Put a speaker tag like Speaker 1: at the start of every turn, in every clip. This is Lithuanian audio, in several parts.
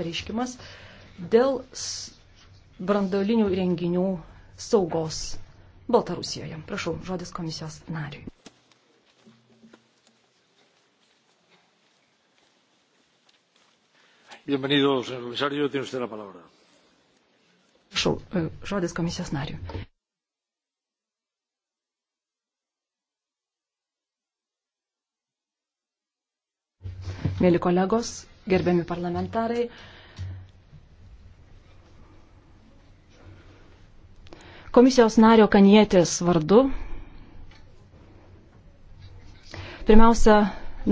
Speaker 1: pareiškimas dėl brandolinių renginių saugos Baltarusijoje. Prašau, žodis komisijos nariui.
Speaker 2: Bienvenido, señor comisario. Tiene usted la palabra.
Speaker 1: Prašau, e, žodis komisijos nariui. Mėly kolegos, gerbiami parlamentarai. Komisijos nario Kanietės vardu. Pirmiausia,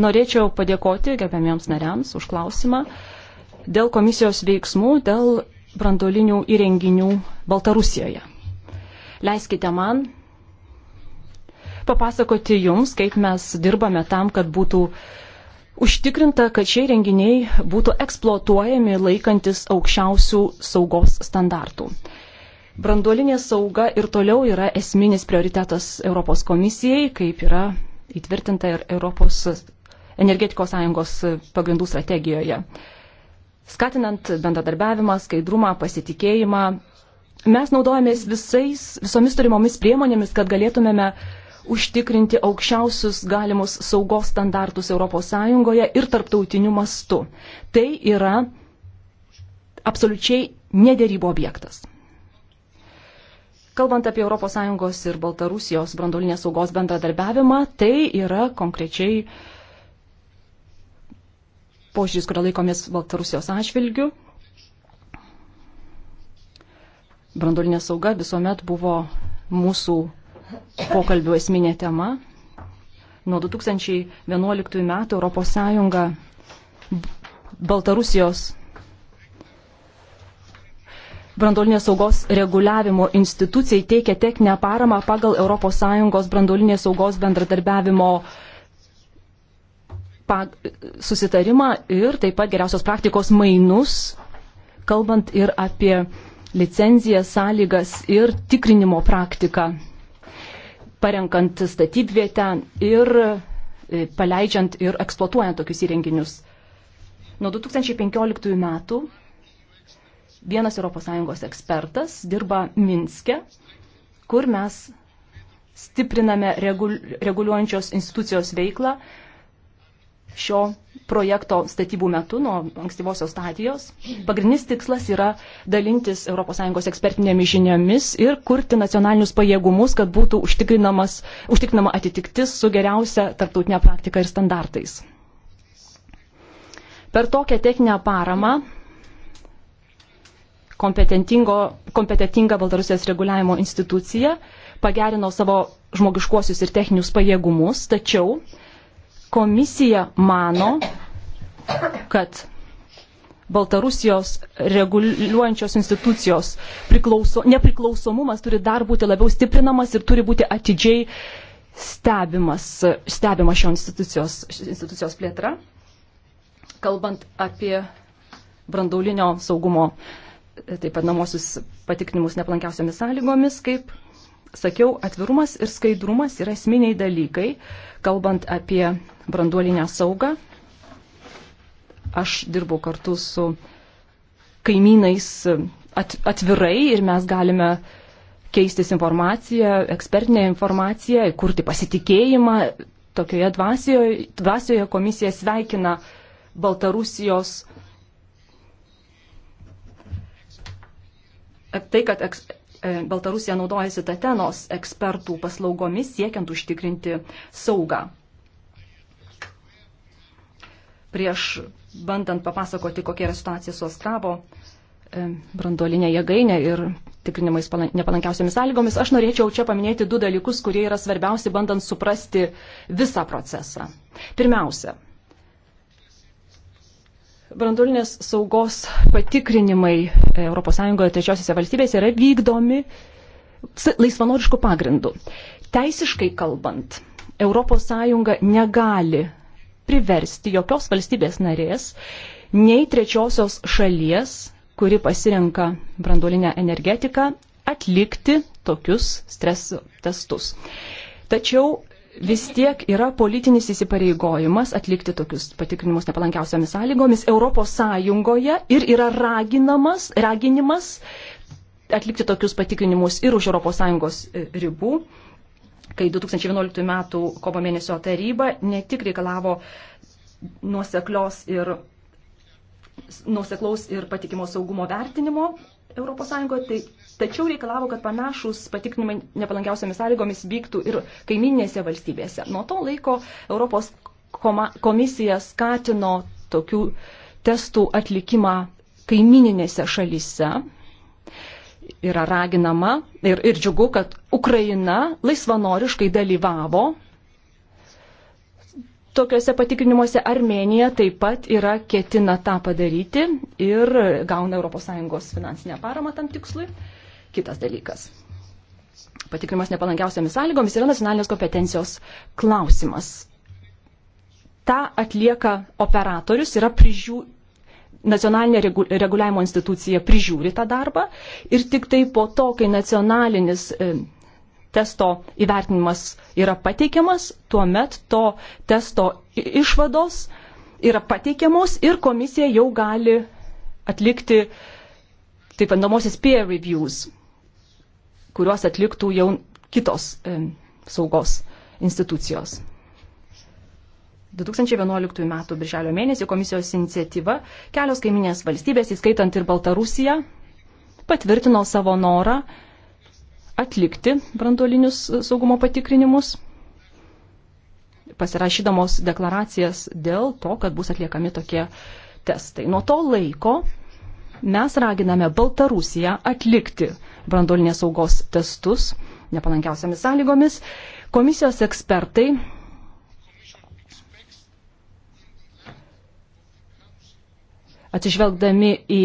Speaker 1: norėčiau padėkoti gerbiamiems nariams už klausimą dėl komisijos veiksmų, dėl brandolinių įrenginių Baltarusijoje. Leiskite man papasakoti jums, kaip mes dirbame tam, kad būtų uh, užtikrinta, kad šie renginiai būtų eksploatuojami laikantis aukščiausių saugos standartų. Branduolinė sauga ir toliau yra esminis prioritetas Europos komisijai, kaip yra įtvirtinta ir Europos energetikos sąjungos pagrindų strategijoje. Skatinant bendradarbiavimą, skaidrumą, pasitikėjimą, mes naudojamės visais, visomis turimomis priemonėmis, kad galėtumėme uh, užtikrinti aukščiausius galimus saugos standartus ES ir tarptautiniu mastu. Tai yra absoliučiai nederybo objektas. Kalbant apie ES ir Baltarusijos brandolinės saugos bendradarbiavimą, tai yra konkrečiai požiūris, kurio laikomės Baltarusijos atžvilgių. Brandolinė sauga visuomet buvo mūsų pokalbių esminė tema. Nuo 2011 metų ES Baltarusijos brandolinės saugos reguliavimo institucijai teikia techninę paramą pagal ES brandolinės saugos bendradarbiavimo susitarimą ir taip pat geriausios praktikos mainus, kalbant ir apie licenciją, sąlygas ir tikrinimo praktiką parenkant statybvietę ir e, paleidžiant ir eksploatuojant tokius įrenginius. Nuo 2015 metų vienas ES ekspertas dirba Minske, kur mes stipriname reguliuojančios institucijos veiklą šio projekto statybų metu nuo ankstyvosios stadijos. Pagrindinis tikslas yra dalintis ES ekspertinėmis žiniomis ir kurti nacionalinius pajėgumus, kad būtų užtikrinama atitiktis su geriausia tarptautinė praktika ir standartais. Per tokią techninę paramą kompetitinga Baltarusijos reguliavimo institucija pagerino savo žmogiškuosius ir techninius pajėgumus, tačiau Komisija mano, kad Baltarusijos reguliuojančios institucijos priklauso, nepriklausomumas turi dar būti labiau stiprinamas ir turi būti atidžiai stebimas, stebima šio institucijos, institucijos plėtra. Kalbant apie brandaulinio saugumo, taip pat namosius patikrinimus neplankiausiamis sąlygomis, kaip sakiau, atvirumas ir skaidrumas yra esminiai dalykai, kalbant apie branduolinę saugą. Aš dirbau kartu su kaimynais at, atvirai ir mes galime keistis informaciją, ekspertinę informaciją, kurti pasitikėjimą. Tokioje dvasioje, dvasioje komisija sveikina Baltarusijos tai, kad eks, E, Baltarusija naudojasi Tatenos ekspertų paslaugomis siekiant užtikrinti saugą. Prieš bandant papasakoti, kokia yra situacija su Astravo e, branduolinė jėgainė ir tikrinimais nepalankiausiamis sąlygomis, aš norėčiau čia paminėti du dalykus, kurie yra svarbiausi bandant suprasti visą procesą. Pirmiausia, brandulinės saugos patikrinimai ES trečiosiose valstybėse yra vykdomi laisvanoriškų pagrindų. Teisiškai kalbant, ES negali priversti jokios valstybės narės, nei trečiosios šalies, kuri pasirenka branduolinę energetiką, atlikti tokius stres testus. Tačiau vis tiek yra politinis įsipareigojimas atlikti tokius patikrinimus nepalankiausiamis sąlygomis Europos Sąjungoje ir yra raginamas, raginimas atlikti tokius patikrinimus ir už Europos Sąjungos e, ribų kai 2011 m. kovo mėnesio taryba ne tik reikalavo nuoseklios ir nuoseklaus ir patikimo saugumo vertinimo ES, tai tačiau reikalavo, kad panašus patikrinimai nepalankiausiamis sąlygomis vyktų ir kaiminėse valstybėse. Nuo to laiko Europos komisija skatino tokių testų atlikimą kaimininėse šalyse. Yra raginama ir, ir džiugu, kad Ukraina laisvanoriškai dalyvavo tokiuose patikrinimuose Armenija taip pat yra ketina tą padaryti ir gauna ES finansinę paramą tam tikslui. Kitas dalykas. Patikrimas nepalankiausiamis sąlygomis yra nacionalinės kompetencijos klausimas. Ta atlieka operatorius, yra prižiū, nacionalinė regu, reguliavimo institucija prižiūri tą darbą ir tik tai po to, kai nacionalinis e, testo įvertinimas yra pateikiamas, tuomet to testo išvados yra pateikiamos ir komisija jau gali atlikti taip vadinamosios peer reviews kuriuos atliktų jau kitos e, saugos institucijos. 2011 m. birželio mėnesį komisijos iniciatyva kelios kaiminės valstybės, įskaitant ir Baltarusiją, patvirtino savo norą atlikti branduolinius saugumo patikrinimus, pasirašydamos deklaracijas dėl to, kad bus atliekami tokie testai. Nuo to laiko Mes raginame Baltarusiją atlikti brandolinės saugos testus nepalankiausiamis sąlygomis. Komisijos ekspertai atsižvelgdami į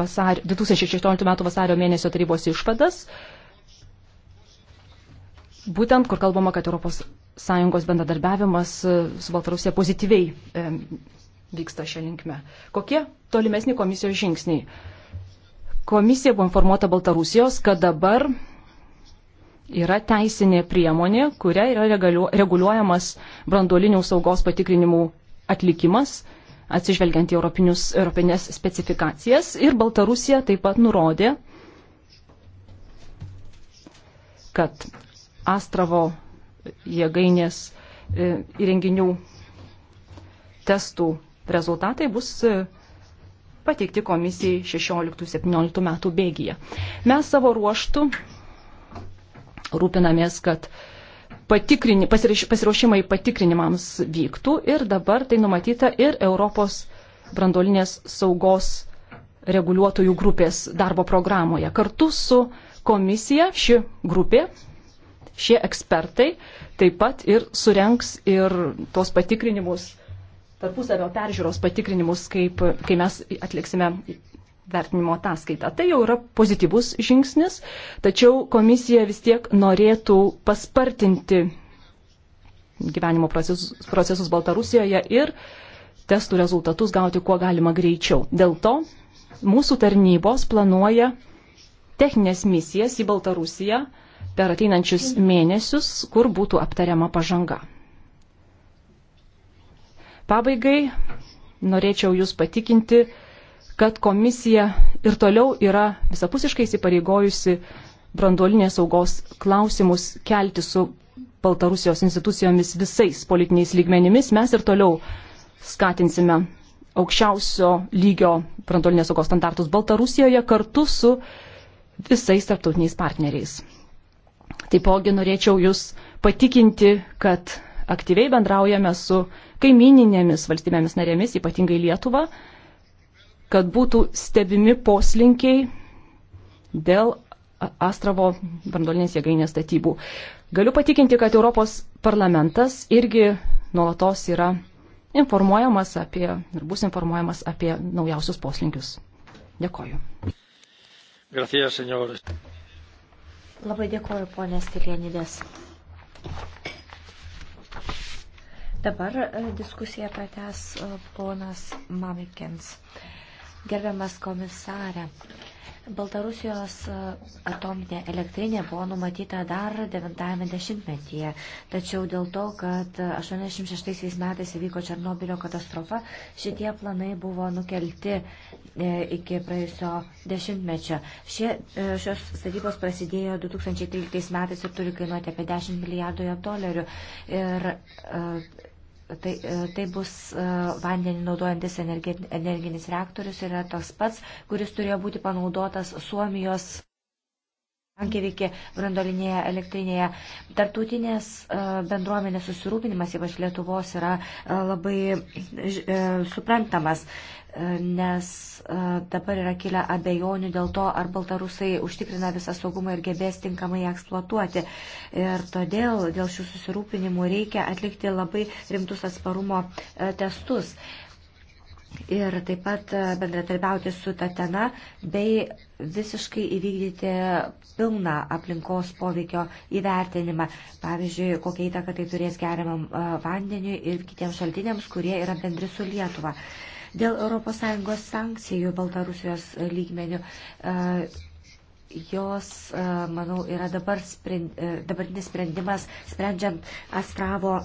Speaker 1: vasar, 2016 m. vasario mėnesio tarybos išvadas, būtent kur kalbama, kad ES bendradarbiavimas su Baltarusija pozityviai vyksta šią linkmę. Kokie tolimesni komisijos žingsniai? Komisija buvo informuota Baltarusijos, kad dabar yra teisinė priemonė, kuria yra reguliuojamas branduolinių saugos patikrinimų atlikimas, atsižvelgiant į europinės specifikacijas. Ir Baltarusija taip pat nurodė, kad Astravo jėgainės e, įrenginių testų rezultatai bus e, pateikti komisijai 16-17 metų bėgyje. Mes savo ruoštų rūpinamės, kad patikrini, pasiruošimai patikrinimams vyktų ir dabar tai numatyta ir Europos brandolinės saugos reguliuotojų grupės darbo programoje. Kartu su komisija ši grupė, šie ekspertai taip pat ir surenks ir tos patikrinimus tarpusavio peržiūros patikrinimus, kaip, kai mes atliksime vertinimo ataskaitą. Tai jau yra pozityvus žingsnis, tačiau komisija vis tiek norėtų paspartinti gyvenimo procesus, procesus Baltarusijoje ir testų rezultatus gauti kuo galima greičiau. Dėl to mūsų tarnybos planuoja techninės misijas į Baltarusiją per ateinančius mėnesius, kur būtų aptariama pažanga. Pabaigai norėčiau Jūs patikinti, kad komisija ir toliau yra visapusiškai įsipareigojusi branduolinės saugos klausimus kelti su Baltarusijos institucijomis visais politiniais lygmenimis. Mes ir toliau skatinsime aukščiausio lygio branduolinės saugos standartus Baltarusijoje kartu su visais tarptautiniais partneriais. Taipogi norėčiau Jūs patikinti, kad aktyviai bendraujame su kaimininėmis valstybėmis narėmis, ypatingai Lietuva, kad būtų stebimi poslinkiai dėl Astravo brandolinės jėgainės statybų. Galiu patikinti, kad Europos parlamentas irgi nuolatos yra informuojamas apie ir bus informuojamas apie naujausius poslinkius.
Speaker 3: Dėkoju.
Speaker 4: Gracias, senor.
Speaker 3: Labai dėkoju, ponė Stilienidės. Dabar e, diskusiją pratęs e, ponas Mamikins. Gerbiamas komisarė, Baltarusijos e, atominė elektrinė buvo numatyta dar 90-ame dešimtmetyje, tačiau dėl to, kad 86 metais įvyko Černobilio katastrofa, šitie planai buvo nukelti e, iki praėjusio dešimtmečio. Šie, e, šios statybos prasidėjo 2013 metais ir turi kainuoti apie 10 milijardų dolerių. Ir, Tai, e, tai bus e, vandenį naudojantis energinis reaktorius ir yra toks pats, kuris turėjo būti panaudotas Suomijos Ankevikė brandolinėje elektrinėje. Tartutinės e, bendruomenės susirūpinimas, ypač Lietuvos, yra e, labai e, suprantamas, nes dabar yra kilę abejonių dėl to, ar baltarusai užtikrina visą saugumą ir gebės tinkamai eksploatuoti. Ir todėl dėl šių susirūpinimų reikia atlikti labai rimtus atsparumo testus ir taip pat e, bendratarbiauti su Tatena bei visiškai įvykdyti pilną aplinkos poveikio įvertinimą. Pavyzdžiui, kokia įtaka tai turės geriamam e, vandeniui ir kitiems šaltiniams, kurie yra bendri su Lietuva. Dėl ES sankcijų Baltarusijos lygmenių e, jos, manau, yra dabar sprend, dabartinis sprendimas, sprendžiant Astravo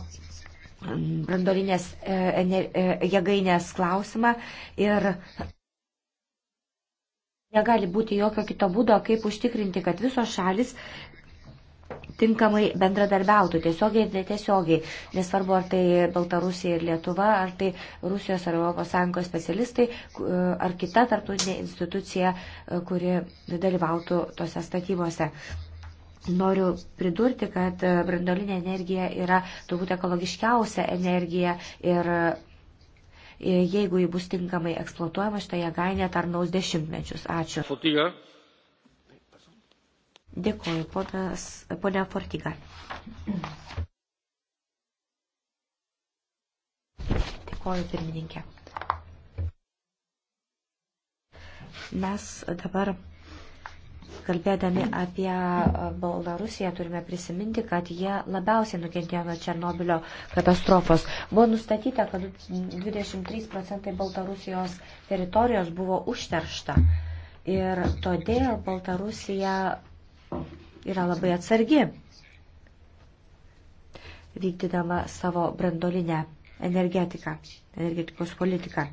Speaker 3: brandolinės e, e, jėgainės klausimą ir negali būti jokio kito būdo, kaip užtikrinti, kad visos šalis tinkamai bendradarbiautų tiesiogiai ir netiesiogiai. Nesvarbu, ar tai Baltarusija ir Lietuva, ar tai Rusijos ar ES specialistai, e, ar kita tarptautinė institucija, kuri dalyvautų tose statybose. Noriu pridurti, kad brandolinė energija yra turbūt ekologiškiausia energija ir e, jeigu ji bus tinkamai eksploatuojama, šitą jėgainę tarnaus dešimtmečius. Ačiū. Fortiga. Dėkuoju, ponas, ponia Fortiga. Dėkuoju, pirmininkė. Mes dabar Kalbėdami apie e, Baltarusiją turime prisiminti, kad jie labiausiai nukentėjo nuo Černobilio katastrofos. Buvo nustatyta, kad 23 procentai Baltarusijos teritorijos buvo užteršta. Ir todėl Baltarusija yra labai atsargi, vykdydama savo brandolinę energetiką, energetikos politiką.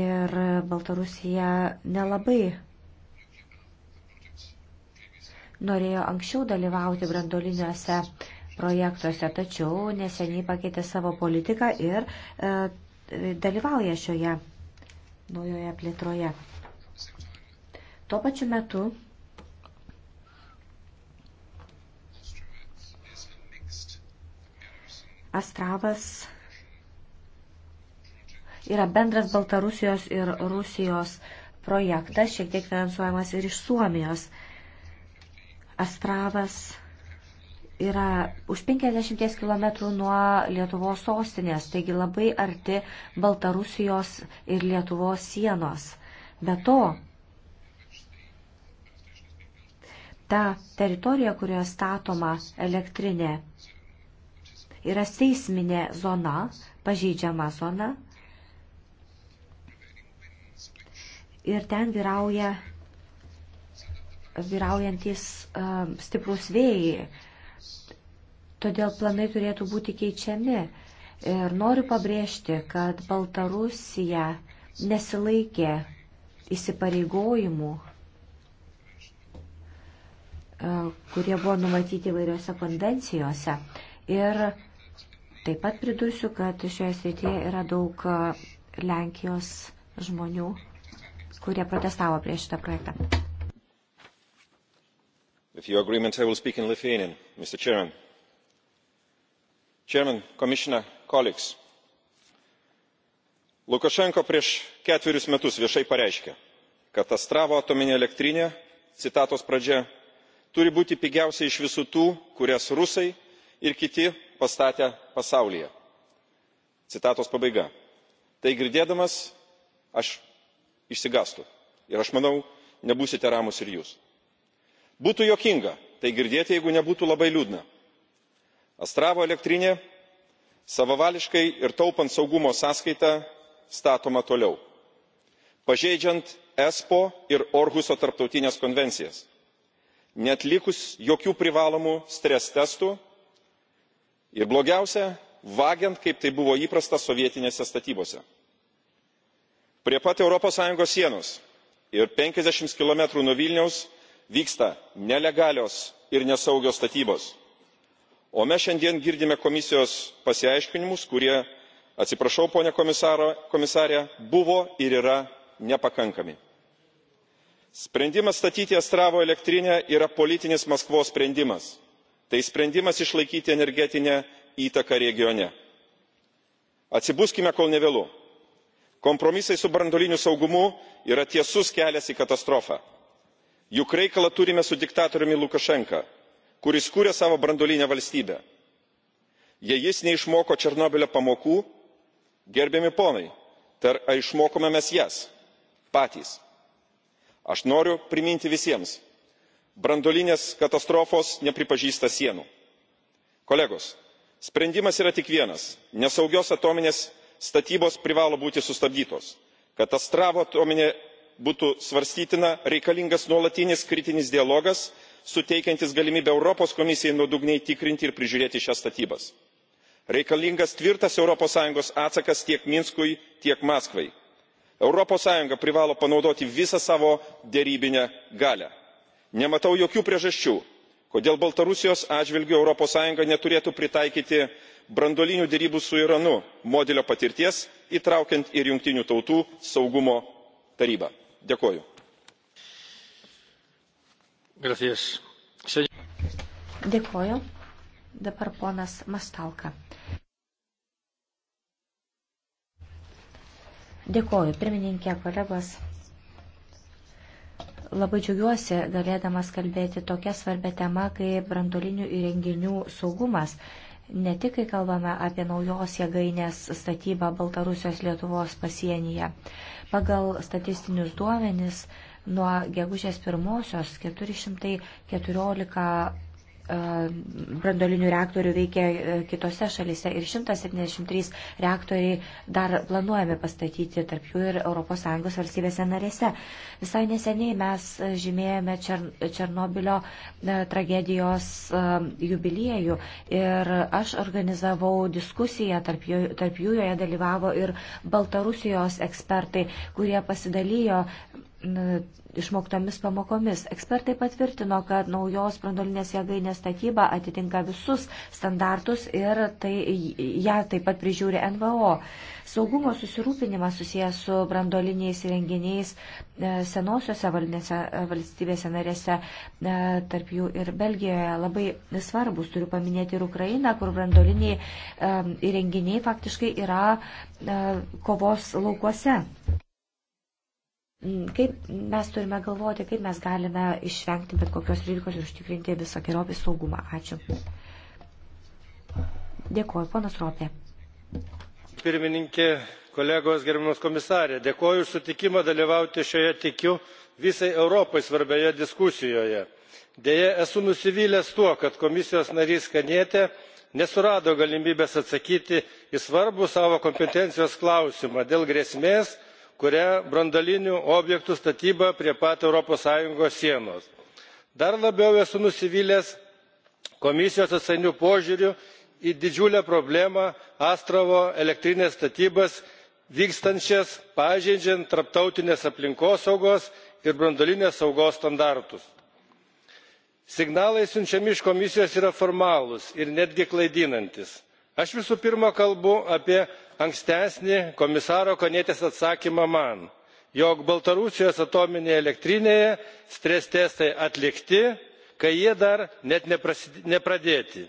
Speaker 3: Ir Baltarusija nelabai norėjo anksčiau dalyvauti brandoliniuose projektuose, tačiau neseniai pakeitė savo politiką ir e, dalyvauja šioje naujoje plėtroje. Tuo pačiu metu Astravas yra bendras Baltarusijos ir Rusijos projektas, šiek tiek finansuojamas ir iš Suomijos. E, Astravas yra už 50 km nuo Lietuvos sostinės, taigi labai arti Baltarusijos ir Lietuvos sienos. Be to, ta teritorija, kurioje statoma elektrinė, yra seisminė zona, pažeidžiama zona. Ir ten vyrauja vyraujantis stiprus vėjai. Todėl planai turėtų būti keičiami. Ir noriu pabrėžti, kad Baltarusija nesilaikė įsipareigojimų, kurie buvo numatyti vairiose konvencijose. Ir taip pat pridursiu, kad šioje srityje yra daug Lenkijos žmonių, kurie protestavo prieš šitą projektą
Speaker 5: with your agreement i will speak in lithuanian mr president commissioner colleagues lukašenka prieš ketverius metus viešai pareiškė kad astravo atominė elektrinė citatos pradžia turi būti pigiausia iš visų tų kurias rusai ir kiti pastatė pasaulyje. citatos pabaiga. tai girdėdamas aš išsigąstu ir aš manau nebūsite ramūs ir jūs būtų juokinga tai girdėti jeigu nebūtų labai liūdna. astravo elektrinė savavališkai ir taupant saugumo sąskaita statoma toliau pažeidžiant espo ir orhuso tarptautines konvencijas neatlikus jokių privalomų stres testų ir blogiausia vagiant kaip tai buvo įprasta sovietinėse statybose. prie pat europos sąjungos sienos ir penkiasdešimt km nuo vilniaus vyksta nelegalios ir nesaugios statybos o mes šiandien girdime komisijos pasiaiškinimus kurie atsiprašau pone komisare buvo ir yra nepakankami. sprendimas statyti astravo elektrinę yra politinis maskvos sprendimas tai sprendimas išlaikyti energetinę įtaką regione. atsibuskime kol nevėlu kompromisai su branduoliniu saugumu yra tiesus kelias į katastrofą juk reikalą turime su diktatoriumi lukašenka kuris kuria savo branduolinę valstybę. jei jis neišmoko černobylio pamokų gerbiami ponai tai ar išmokome mes jas patys? aš noriu priminti visiems branduolinės katastrofos nepripažįsta sienų. kolegos sprendimas yra tik vienas nesaugios atominės statybos privalo būti sustabdytos. katastrofa atominė būtų svarstytina reikalingas nuolatinis kritinis dialogas suteikiantis galimybę europos komisijai nuodugniai tikrinti ir prižiūrėti šias statybas reikalingas tvirtas europos sąjungos atsakas tiek minskui tiek maskvai europos sąjunga privalo panaudoti visą savo derybinę galią. nematau jokių priežasčių kodėl baltarusijos atžvilgiu europos sąjunga neturėtų pritaikyti branduolinių derybų su iranu modelio patirties įtraukiant ir jungtinių tautų saugumo tarybą dėkoju.
Speaker 3: dėkoju. dabar ponas mastalka. Dėkoju, pirmininkė, kolegos. Labai džiaugiuosi galėdamas kalbėti tokią svarbę temą kaip brandolinių įrenginių saugumas. Ne tik, kai kalbame apie naujos jėgainės statybą Baltarusijos Lietuvos pasienyje. Pagal statistinius duomenis nuo gegužės pirmosios 414 E, brandolinių reaktorių veikia e, kitose šalise ir 173 reaktoriai dar planuojami pastatyti tarp jų ir ES valstybėse narėse. Visai neseniai mes žymėjome Černobilio e, tragedijos jubiliejų ir aš organizavau diskusiją, tarp jų, tarp jų joje dalyvavo ir Baltarusijos ekspertai, kurie pasidalijo išmoktomis pamokomis. Ekspertai patvirtino, kad naujos brandolinės jėgainės statyba atitinka visus standartus ir tai, ją taip pat prižiūri NVO. Saugumo susirūpinimas susijęs su brandoliniais įrenginiais e, senosiose e, valstybėse narėse, e, tarp jų ir Belgijoje, labai svarbus. Turiu paminėti ir Ukrainą, kur brandoliniai įrenginiai faktiškai yra kovos laukuose. Mm, kaip mes turime galvoti, kaip mes galime išvengti bet kokios rizikos ir užtikrinti visą geriopį saugumą. Ačiū. Dėkuoju, ponas Ropė.
Speaker 4: Pirmininkė, kolegos, gerbiamas komisarė, dėkuoju už sutikimą dalyvauti šioje tikiu visai Europai svarbioje diskusijoje. Deja, esu nusivylęs tuo, kad komisijos narys Kanietė nesurado galimybės atsakyti į svarbų savo kompetencijos klausimą dėl grėsmės, kuria branduolinių objektų statyba prie pat europos sąjungos sienos. dar labiau esu nusivylęs komisijos atsainiu požiūriu į didžiulę problemą astravo elektrinės statybas vykstančias pažeidžiant tarptautines aplinkosaugos ir branduolinės saugos standartus. signalai siunčiami iš komisijos yra formalūs ir netgi klaidinantys. aš visų pirma kalbu apie ankstesnį komisaro caete atsakymą man jog baltarusijos atominėje elektrinėje stres testai atlikti kai jie dar net nepradėti.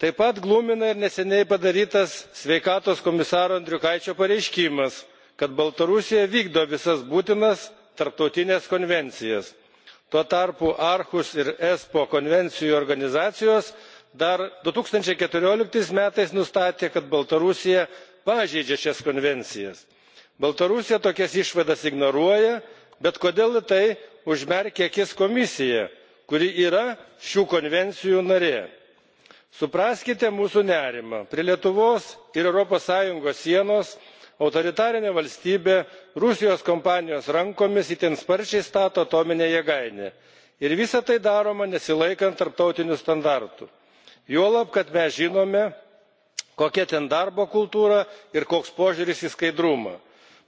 Speaker 4: taip pat glumina ir neseniai padarytas sveikatos komisaro andriukaičio pareiškimas kad baltarusija vykdo visas būtinas tarptautines konvencijas. tuo tarpu aarhus ir espo konvencijų organizacijos dar du tūkstančiai keturiolika metais nustatė kad baltarusija pažeidžia šias konvencijas. baltarusija tokias išvadas ignoruoja bet kodėl į tai užmerkia akis komisija kuri yra šių konvencijų narė. supraskite mūsų nerimą prie lietuvos ir europos sąjungos sienos autoritarinė valstybė rusijos kompanijos rankomis itin sparčiai stato atominę jėgainę ir visa tai daroma nesilaikant tarptautinių standartų juolab kad mes žinome kokia ten darbo kultūra ir koks požiūris į skaidrumą.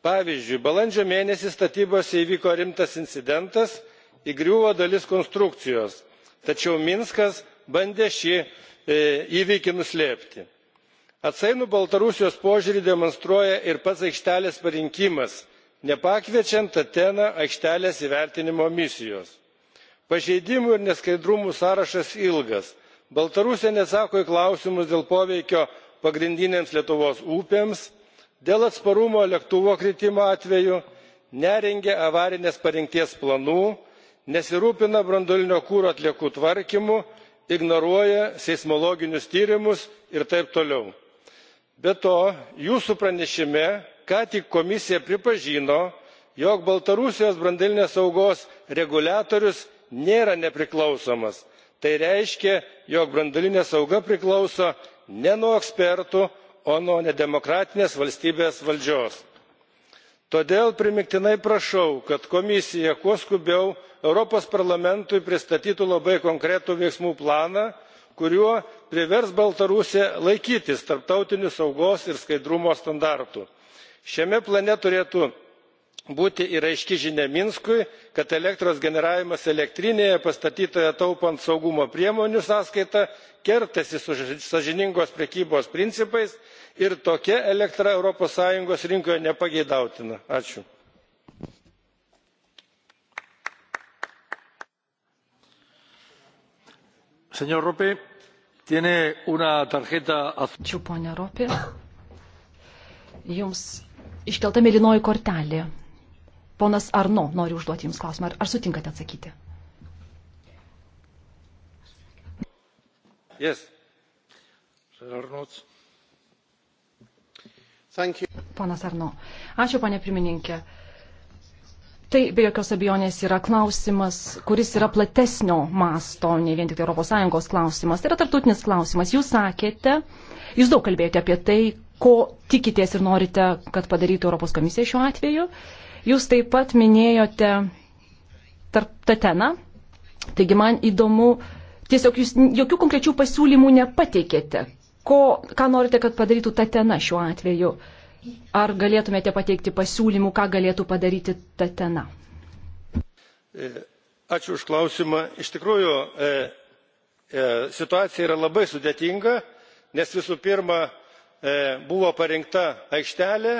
Speaker 4: pavyzdžiui balandžio mėnesį statybose įvyko rimtas incidentas įgriuvo dalis konstrukcijos tačiau minskas bandė šį e, įvykį nuslėpti. atsainų baltarusijos požiūrį demonstruoja ir pats aikštelės parinkimas nepakviečiant ateną aikštelės įvertinimo misijos. pažeidimų ir neskaidrumų sąrašas ilgas baltarusija neatsako į klausimus dėl poveikio pagrindinėms lietuvos upėms dėl atsparumo lėktuvo kritimo atveju nerengia avarinės parengties planų nesirūpina branduolinio kuro atliekų tvarkymu ignoruoja seismologinius tyrimus ir taip toliau. be to jūsų pranešime ką tik komisija pripažino jog baltarusijos branduolinės saugos reguliatorius nėra nepriklausomas tai reiškia jog branduolinė sauga priklauso ne nuo ekspertų o nuo nedemokratinės valstybės valdžios. todėl primygtinai prašau kad komisija kuo skubiau europos parlamentui pristatytų labai konkretų veiksmų planą kuriuo privers baltarusiją laikytis tarptautinių saugos ir skaidrumo standartų. šiame plane turėtų būti ir aiški žinia minskui kad elektros generavimas elektrinėje pastatytoje taupant saugumo priemonių sąskaita kertasi su sąžiningos prekybos principais ir tokia elektra europos sąjungos rinkoje nepageidautina.
Speaker 1: jums iškelta mėlynoji kortelė Ponas Arno nori užduoti Jums klausimą. Ar, ar sutinkate atsakyti? Yes. Ponas Arno. Ačiū, ponė pirmininkė. Tai be jokios abejonės yra klausimas, kuris yra platesnio masto, ne vien tik ES klausimas. Tai yra tartutinis klausimas. Jūs sakėte, jūs daug kalbėjote apie tai, ko tikitės ir norite, kad padarytų Europos komisija šiuo atveju. Uh, Jūs taip pat minėjote tarp Tateną, taigi man įdomu, tiesiog jūs jokių konkrečių pasiūlymų nepateikėte. Ko, ką norite, kad padarytų Tatena šiuo atveju? Ar galėtumėte pateikti pasiūlymų, ką galėtų padaryti Tatena?
Speaker 4: E, ačiū už klausimą. Iš tikrųjų, e, e, situacija yra labai sudėtinga, nes visų pirma, e, buvo parinkta aikštelė,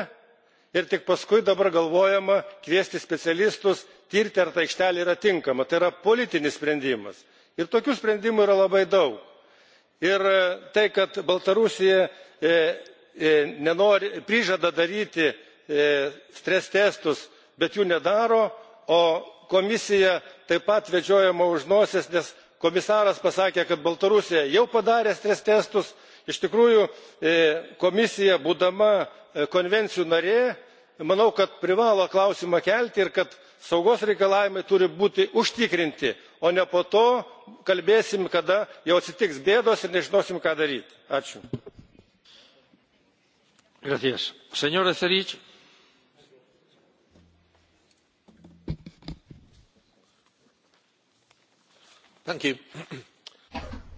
Speaker 4: ir tik paskui dabar galvojama kviesti specialistus tirti ar ta aikštelė yra tinkama. tai yra politinis sprendimas ir tokių sprendimų yra labai daug. ir e, tai kad baltarusija e, e, nenori prižada daryti stres testus bet jų nedaro o komisija taip pat vedžiojama už nosies nes komisaras pasakė kad baltarusija jau padarė stres testus iš tikrųjų komisija būdama konvencijų narė manau kad privalo klausimą kelti ir kad saugos reikalavimai turi būti užtikrinti o ne po to kalbėsim kada jau atsitiks bėdos ir nežinosim ką daryti.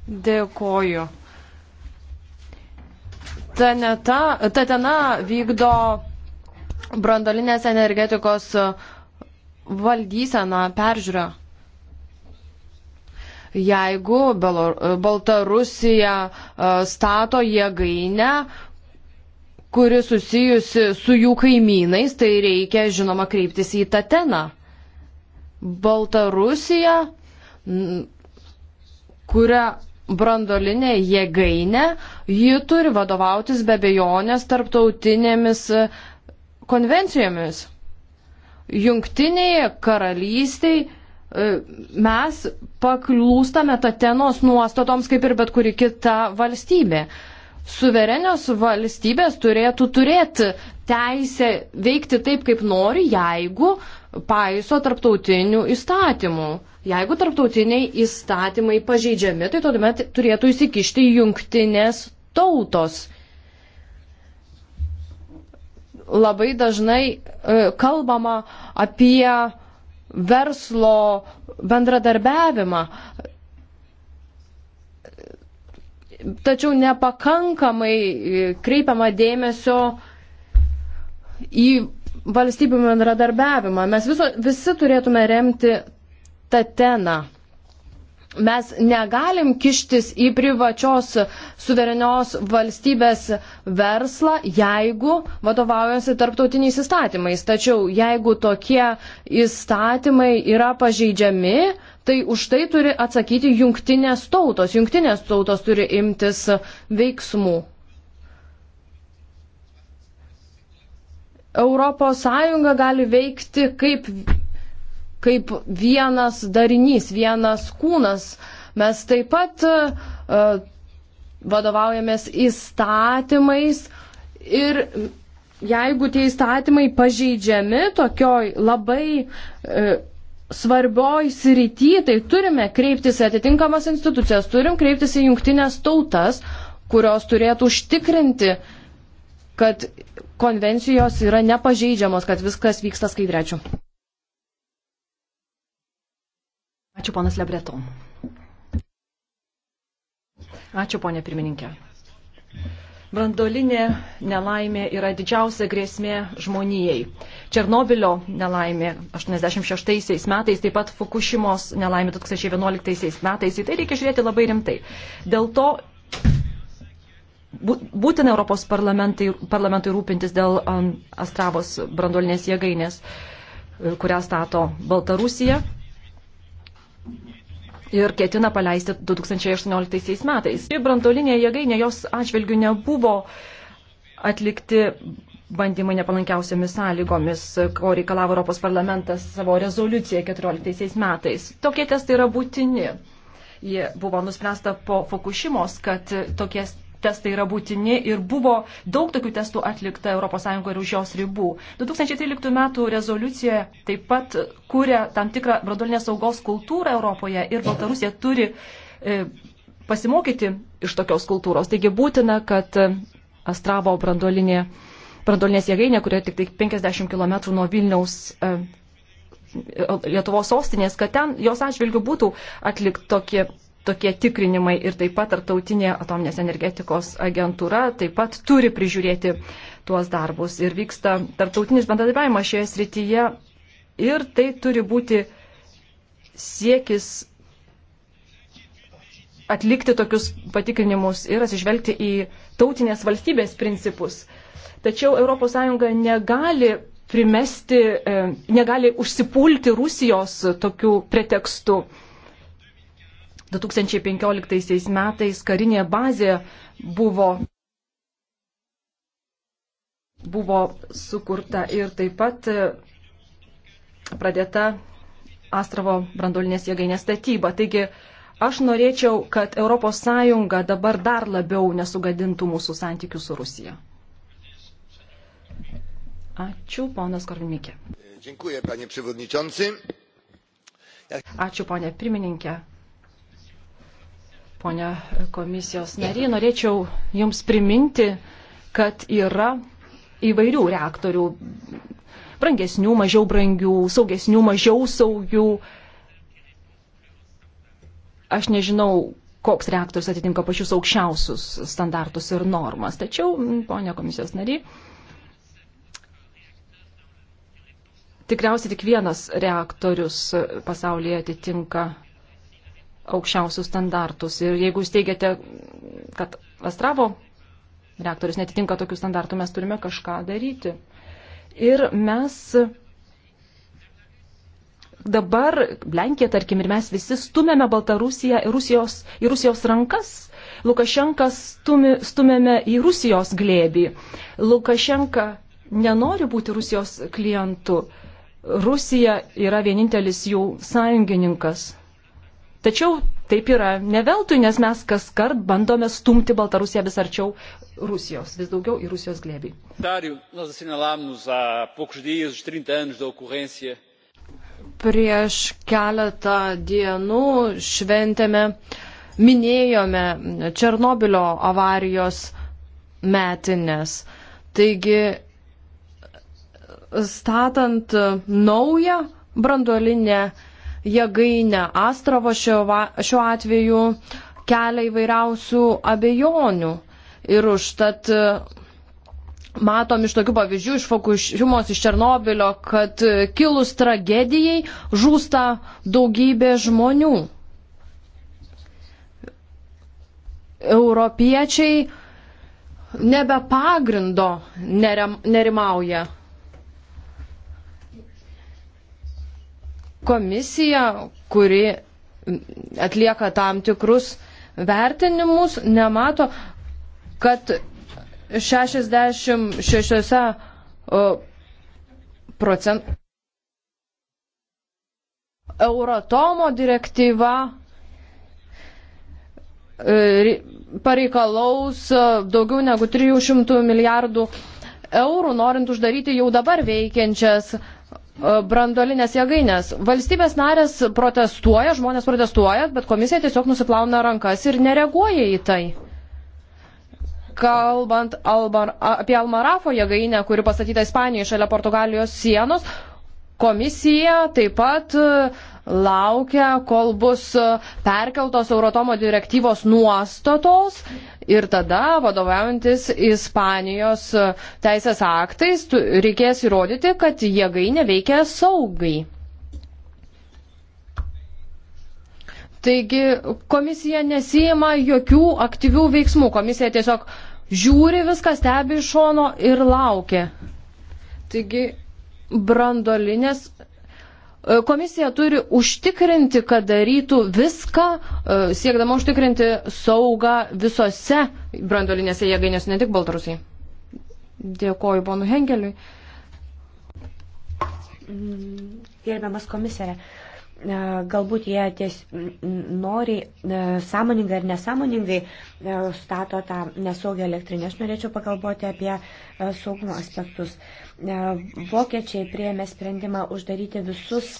Speaker 6: Dėkoju. Teneta, Tatena vykdo brandolinės energetikos e, valdyseną peržiūrą. Jeigu Baltarusija e, stato jėgainę, kuri susijusi su jų kaimynais, tai reikia, žinoma, kreiptis į Tateną. Baltarusija kuria brandolinė jėgainė, ji turi vadovautis be bejonės tarptautinėmis konvencijomis. Jungtiniai karalystiai e, mes paklūstame Tatenos nuostatoms kaip ir bet kuri kita valstybė. Suverenios valstybės turėtų turėti teisę veikti taip, kaip nori, jeigu paiso tarptautinių įstatymų. Jeigu tarptautiniai įstatymai pažeidžiami, tai tuomet turėtų įsikišti jungtinės tautos labai dažnai e, kalbama apie verslo bendradarbiavimą. Tačiau nepakankamai e, kreipiama dėmesio į valstybių bendradarbiavimą. Mes viso, visi turėtume remti Tateną mes negalim kištis į privačios suverenios valstybės verslą, jeigu vadovaujasi tarptautiniais įstatymais. Tačiau jeigu tokie įstatymai yra pažeidžiami, tai už tai turi atsakyti jungtinės tautos. Jungtinės tautos turi imtis veiksmų. Europos Sąjunga gali veikti kaip kaip vienas darinys, vienas kūnas. Mes taip pat uh, vadovaujamės įstatymais ir jeigu tie įstatymai pažeidžiami tokioj labai uh, svarbioj srity, tai turime kreiptis į atitinkamas institucijas, turim kreiptis į jungtinės tautas, kurios turėtų užtikrinti, kad konvencijos yra nepažeidžiamos, kad viskas vyksta skaidrečių. Ačiū, ponas Lebreton.
Speaker 1: Ačiū, ponė pirmininkė. Brandolinė nelaimė yra didžiausia grėsmė žmonijai. Černobilio nelaimė 86 metais, taip pat Fukushimos nelaimė 2011 metais. Į tai reikia žiūrėti labai rimtai. Dėl to būtina Europos parlamentui, parlamentui rūpintis dėl um, Astravos brandolinės jėgainės, e, kurią stato Baltarusija ir ketina paleisti 2018 metais. Brandolinė jėgainė jos atžvilgių nebuvo atlikti bandymai nepalankiausiamis sąlygomis, ko reikalavo Europos parlamentas savo rezoliuciją 2014 metais. Tokie testai yra būtini. Jie buvo nuspręsta po Fukushimos, kad tokie testai yra būtini ir buvo daug tokių testų atlikta ES ir už jos ribų. 2013 metų rezoliucija taip pat kūrė tam tikrą branduolinės saugos kultūrą Europoje ir Baltarusija turi e, pasimokyti iš tokios kultūros. Taigi būtina, kad Astravo branduolinė, branduolinės jėgainė, kurioje tik tai 50 km nuo Vilniaus e, Lietuvos sostinės, kad ten jos atžvilgių būtų atlikti tokie tokie tikrinimai ir taip pat tarptautinė atominės energetikos agentūra taip pat turi prižiūrėti tuos darbus ir vyksta tarptautinis bendradarbiavimas šioje srityje ir tai turi būti siekis atlikti tokius patikrinimus ir atsižvelgti į tautinės valstybės principus. Tačiau ES negali primesti, e, negali užsipulti Rusijos tokiu pretekstu. 2015 metais karinė bazė buvo, buvo sukurta ir taip pat pradėta Astravo brandolinės jėgainės statyba. Taigi aš norėčiau, kad ES dabar dar labiau nesugadintų mūsų santykių su Rusija. Ačiū, ponas Korvimikė.
Speaker 4: Dziękuję, panie przewodniczący.
Speaker 1: Ačiū, ponė pirmininkė. Pone komisijos nariai, norėčiau Jums priminti, kad yra įvairių reaktorių - brangesnių, mažiau brangių, saugesnių, mažiau saugių. Aš nežinau, koks reaktorius atitinka pačius aukščiausius standartus ir normas. Tačiau, ponia komisijos nariai, tikriausiai tik vienas reaktorius pasaulyje atitinka aukščiausius standartus. Ir jeigu jūs teigiate, kad Astravo reaktorius netitinka tokių standartų, mes turime kažką daryti. Ir mes dabar, Lenkija tarkim, ir mes visi stumėme Baltarusiją į Rusijos, į Rusijos rankas. Lukašenkas stumi, stumėme į Rusijos glėbį. Lukašenka nenori būti Rusijos klientu. Rusija yra vienintelis jų sąjungininkas. Tačiau taip yra ne veltui, nes mes kas kart bandome stumti Baltarusiją vis arčiau Rusijos, vis daugiau į Rusijos glėbį.
Speaker 6: Prieš keletą dienų šventėme, minėjome Černobilio avarijos metinės. Taigi, statant naują branduolinę jėgainę Astravo šiuo, šiuo atveju kelia įvairiausių abejonių. Ir užtat e, matom iš tokių pavyzdžių, iš Fukushimos, iš Černobilio, kad e, kilus tragedijai žūsta daugybė žmonių. Europiečiai nebe pagrindo nerimauja. komisija, kuri atlieka tam tikrus vertinimus, nemato, kad 66 procentų Euratomo direktyva e, pareikalaus e, daugiau negu 300 milijardų eurų, norint uždaryti jau dabar veikiančias E, brandolinės jėgainės. Valstybės narės protestuoja, žmonės protestuoja, bet komisija tiesiog nusiplauna rankas ir nereaguoja į tai. Kalbant Albar, apie Almarafo jėgainę, kuri pastatyta Ispanijoje šalia Portugalijos sienos, komisija taip pat uh, laukia, kol bus e, perkeltos Euratomo direktyvos nuostatos ir tada, vadovaujantis Ispanijos e, teisės aktais, reikės įrodyti, kad jėgainė veikia saugai. Taigi komisija nesijima jokių aktyvių veiksmų, komisija tiesiog žiūri viską, stebi iš šono ir laukia. Taigi brandolinės E, komisija turi užtikrinti, kad darytų viską, e, siekdama užtikrinti saugą visose brandolinėse jėgainėse, ne tik Baltarusiai. Dėkoju
Speaker 3: ponu Henkeliui. Mm, gerbiamas komisarė, e, galbūt jie ties nori sąmoningai ar nesąmoningai stato tą nesaugią elektrinę. Aš norėčiau pakalboti apie saugumo aspektus. E, vokiečiai prieėmė sprendimą uždaryti visus,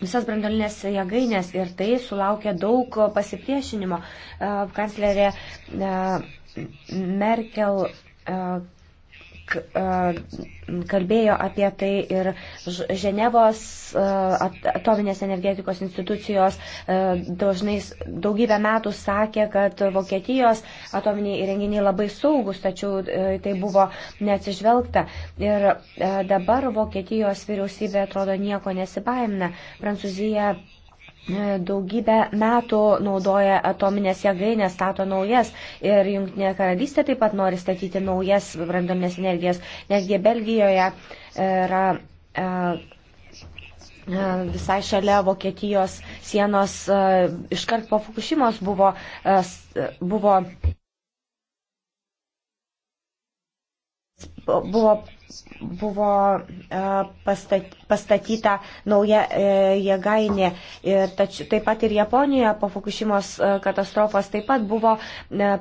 Speaker 3: visas brandolinės jėgainės ir tai sulaukė daug pasipriešinimo. E, kanclerė e, Merkel E, kalbėjo apie tai ir Ženevos e, atominės energetikos institucijos e, dažnai daugybę metų sakė, kad Vokietijos atominiai įrenginiai labai saugus, tačiau tai buvo neatsižvelgta. Ir dabar Vokietijos vyriausybė atrodo nieko nesibaimina. Prancūzija daugybę metų naudoja atominės jėgainės, stato naujas ir Junktinė karalystė taip pat nori statyti naujas brandomės energijas. Netgi Belgijoje yra e, e, visai šalia Vokietijos sienos e, iškart po Fukushimos buvo, buvo buvo, buvo e, pastatyta nauja e, jėgainė. Ir tač, taip pat ir Japonijoje po Fukushimos e, katastrofos taip pat buvo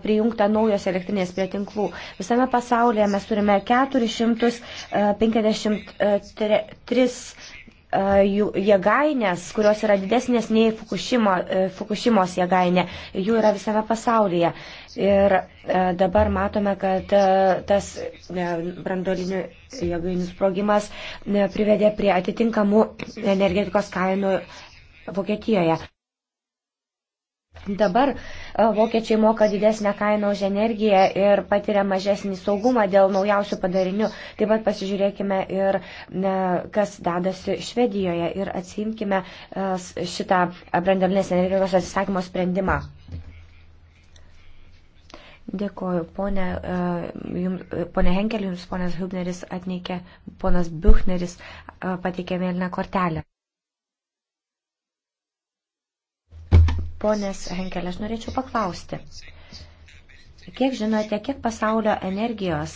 Speaker 3: prijungta naujos elektrinės prie tinklų. Visame pasaulyje mes turime 453 jėgainės, kurios yra didesnės nei Fukushimo, Fukushimos jėgainė. Jų yra visame pasaulyje. Ir e, dabar matome, kad e, tas e, brandolinių jėgainių sprogimas privedė prie atitinkamų energetikos kainų Vokietijoje. Dabar vokiečiai moka didesnę kainą už energiją ir patiria mažesnį saugumą dėl naujausių padarinių. Taip pat pasižiūrėkime ir kas dedasi Švedijoje ir atsimkime šitą brandalinės energetikos atsisakymo sprendimą. Dėkoju. Pone, e, jums, e, pone Henkel, jums ponas Hübneris atneikė, ponas Büchneris e, pateikė mėlyną kortelę. Ponas Henkel, aš norėčiau paklausti. Kiek žinote, kiek pasaulio energijos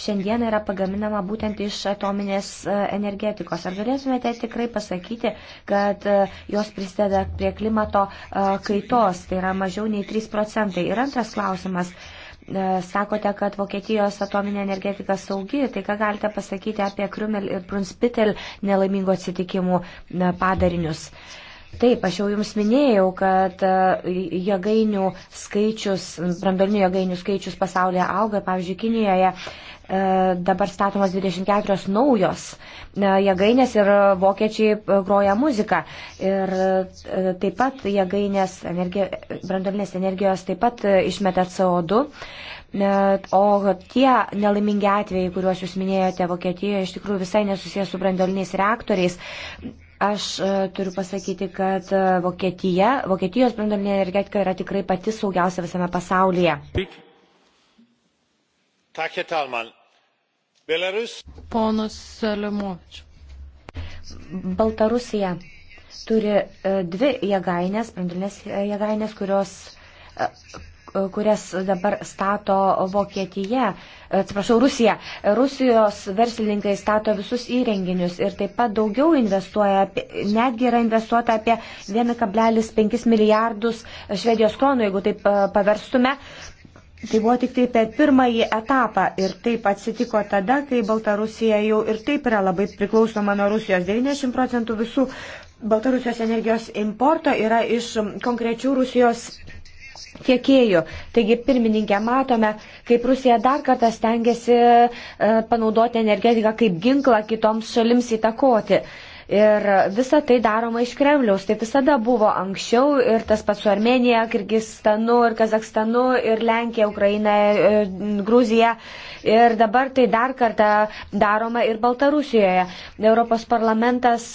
Speaker 3: šiandien yra pagaminama būtent iš atominės e, energetikos. Ar galėtumėte tikrai pasakyti, kad e, jos prisideda prie klimato e, kaitos, tai yra mažiau nei 3 procentai? Ir antras klausimas sakote, kad Vokietijos atominė energetika saugi, tai ką galite pasakyti apie Krumel ir Brunspitel nelaimingo atsitikimų padarinius? Taip, aš jau Jums minėjau, kad e, jėgainių skaičius, brandolinių jėgainių skaičius pasaulyje auga, pavyzdžiui, Kinijoje e, dabar statomos 24 naujos e, jėgainės ir vokiečiai groja muziką. Ir taip pat jėgainės energi, brandolinės energijos taip pat išmeta CO2. O tie nelaimingi atvejai, kuriuos jūs minėjote Vokietijoje, iš tikrųjų visai nesusijęs su brandoliniais reaktoriais. Aš e, turiu pasakyti, kad e, Vokietija, Vokietijos branduolinė energetika yra tikrai pati saugiausia visame pasaulyje. Ponas Selimovič. Baltarusija turi e, dvi jėgainės, branduolinės jėgainės, kurios kurias dabar stato Vokietija, atsiprašau, Rusija. Rusijos verslininkai stato visus įrenginius ir taip pat daugiau investuoja, netgi yra investuota apie 1,5 milijardus švedijos kronų, jeigu taip e, paverstume. Tai buvo tik tai per pirmąjį etapą ir taip atsitiko tada, kai Baltarusija jau ir taip yra labai priklausoma nuo Rusijos. 90 procentų visų Baltarusijos energijos importo yra iš konkrečių Rusijos tiekėjų. Taigi, pirmininkė, matome, kaip Rusija dar kartą stengiasi e, panaudoti energetiką kaip ginklą kitoms šalims įtakoti. Ir visa tai daroma iš Kremliaus. Taip visada buvo anksčiau ir tas pats su Armenija, Kirgistanu ir Kazakstanu ir Lenkija, Ukraina, e, Gruzija. Ir dabar tai dar kartą daroma ir Baltarusijoje. Europos parlamentas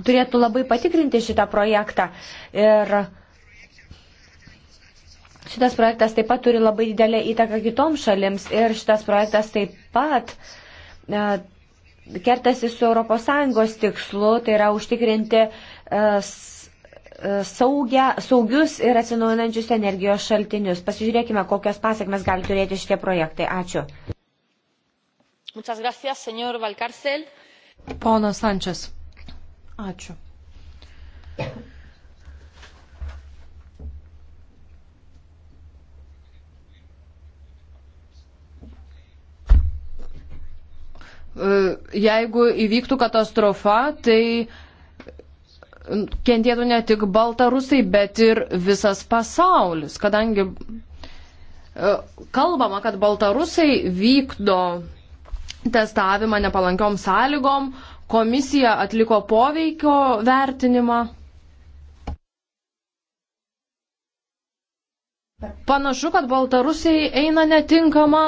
Speaker 3: turėtų labai patikrinti šitą projektą. Ir Šitas projektas taip pat turi labai didelę įtaką kitoms šalims ir šitas projektas taip pat e, kertasi su ES tikslu, tai yra užtikrinti e, e, saugia, saugius ir atsinaujinančius energijos šaltinius. Pasižiūrėkime, kokias pasiekmes gali turėti šitie projektai. Ačiū.
Speaker 1: Gracias,
Speaker 3: Ponas Sančias. Ačiū.
Speaker 6: E, jeigu įvyktų katastrofa, tai kentėtų ne tik Baltarusai, bet ir visas pasaulis, kadangi e, kalbama, kad Baltarusai vykdo testavimą nepalankiom sąlygom, komisija atliko poveikio vertinimą. Panašu, kad Baltarusiai eina netinkama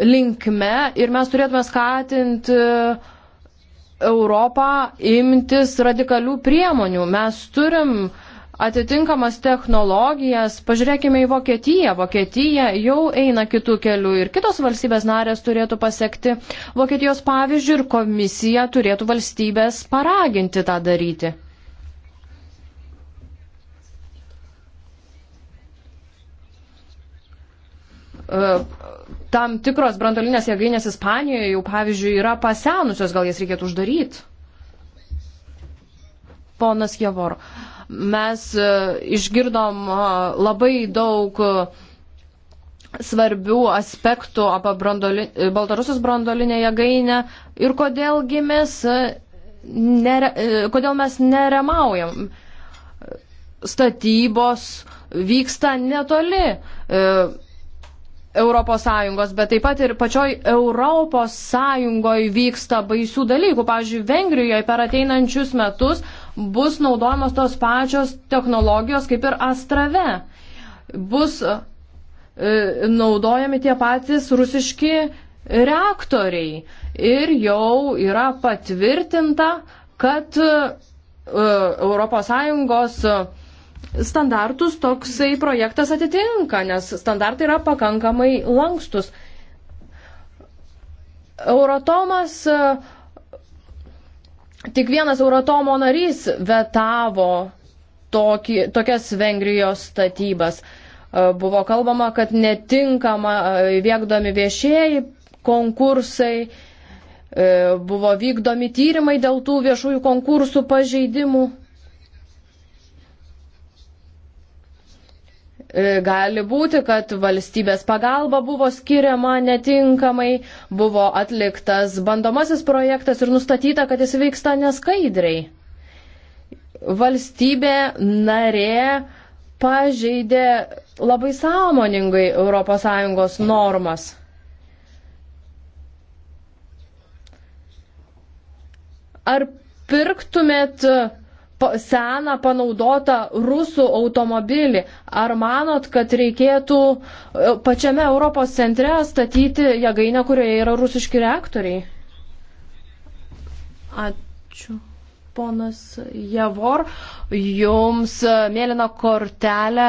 Speaker 6: linkme ir mes turėtume skatinti Europą imtis radikalių priemonių. Mes turim atitinkamas technologijas. Pažiūrėkime į Vokietiją. Vokietija jau eina kitų kelių ir kitos valstybės narės turėtų pasiekti Vokietijos pavyzdžių ir komisija turėtų valstybės paraginti tą daryti tam tikros brandolinės jėgainės Ispanijoje jau, pavyzdžiui, yra pasenusios, gal jas reikėtų uždaryti? Ponas Javor, mes e, išgirdom e, labai daug e, svarbių aspektų apie brandoli, Baltarusios brandolinę jėgainę ir kodėlgi mes, nere, kodėl mes neremaujam. Statybos vyksta netoli ES, bet taip pat ir pačioj ES vyksta baisių dalykų. Pavyzdžiui, Vengrijoje per ateinančius metus bus naudojamos tos pačios technologijos kaip ir Astrave. Bus e, naudojami tie patys rusiški reaktoriai. Ir jau yra patvirtinta, kad e, ES standartus toksai projektas atitinka, nes standartai yra pakankamai lankstus. Euratomas, e, tik vienas Euratomo narys vetavo tokį, tokias Vengrijos statybas. E, buvo kalbama, kad netinkama e, vykdomi viešieji konkursai, buvo vykdomi tyrimai dėl tų viešųjų konkursų pažeidimų. E, gali būti, kad valstybės pagalba buvo skiriama netinkamai, buvo atliktas bandomasis projektas ir nustatyta, kad jis vyksta neskaidriai. Valstybė narė pažeidė labai sąmoningai ES normas. Ar pirktumėt seną panaudotą rusų automobilį. Ar manot, kad reikėtų e, pačiame Europos centre statyti jėgainę, kurioje yra rusiški reaktoriai? Ačiū. Ponas Javor, jums e, mėlyną kortelę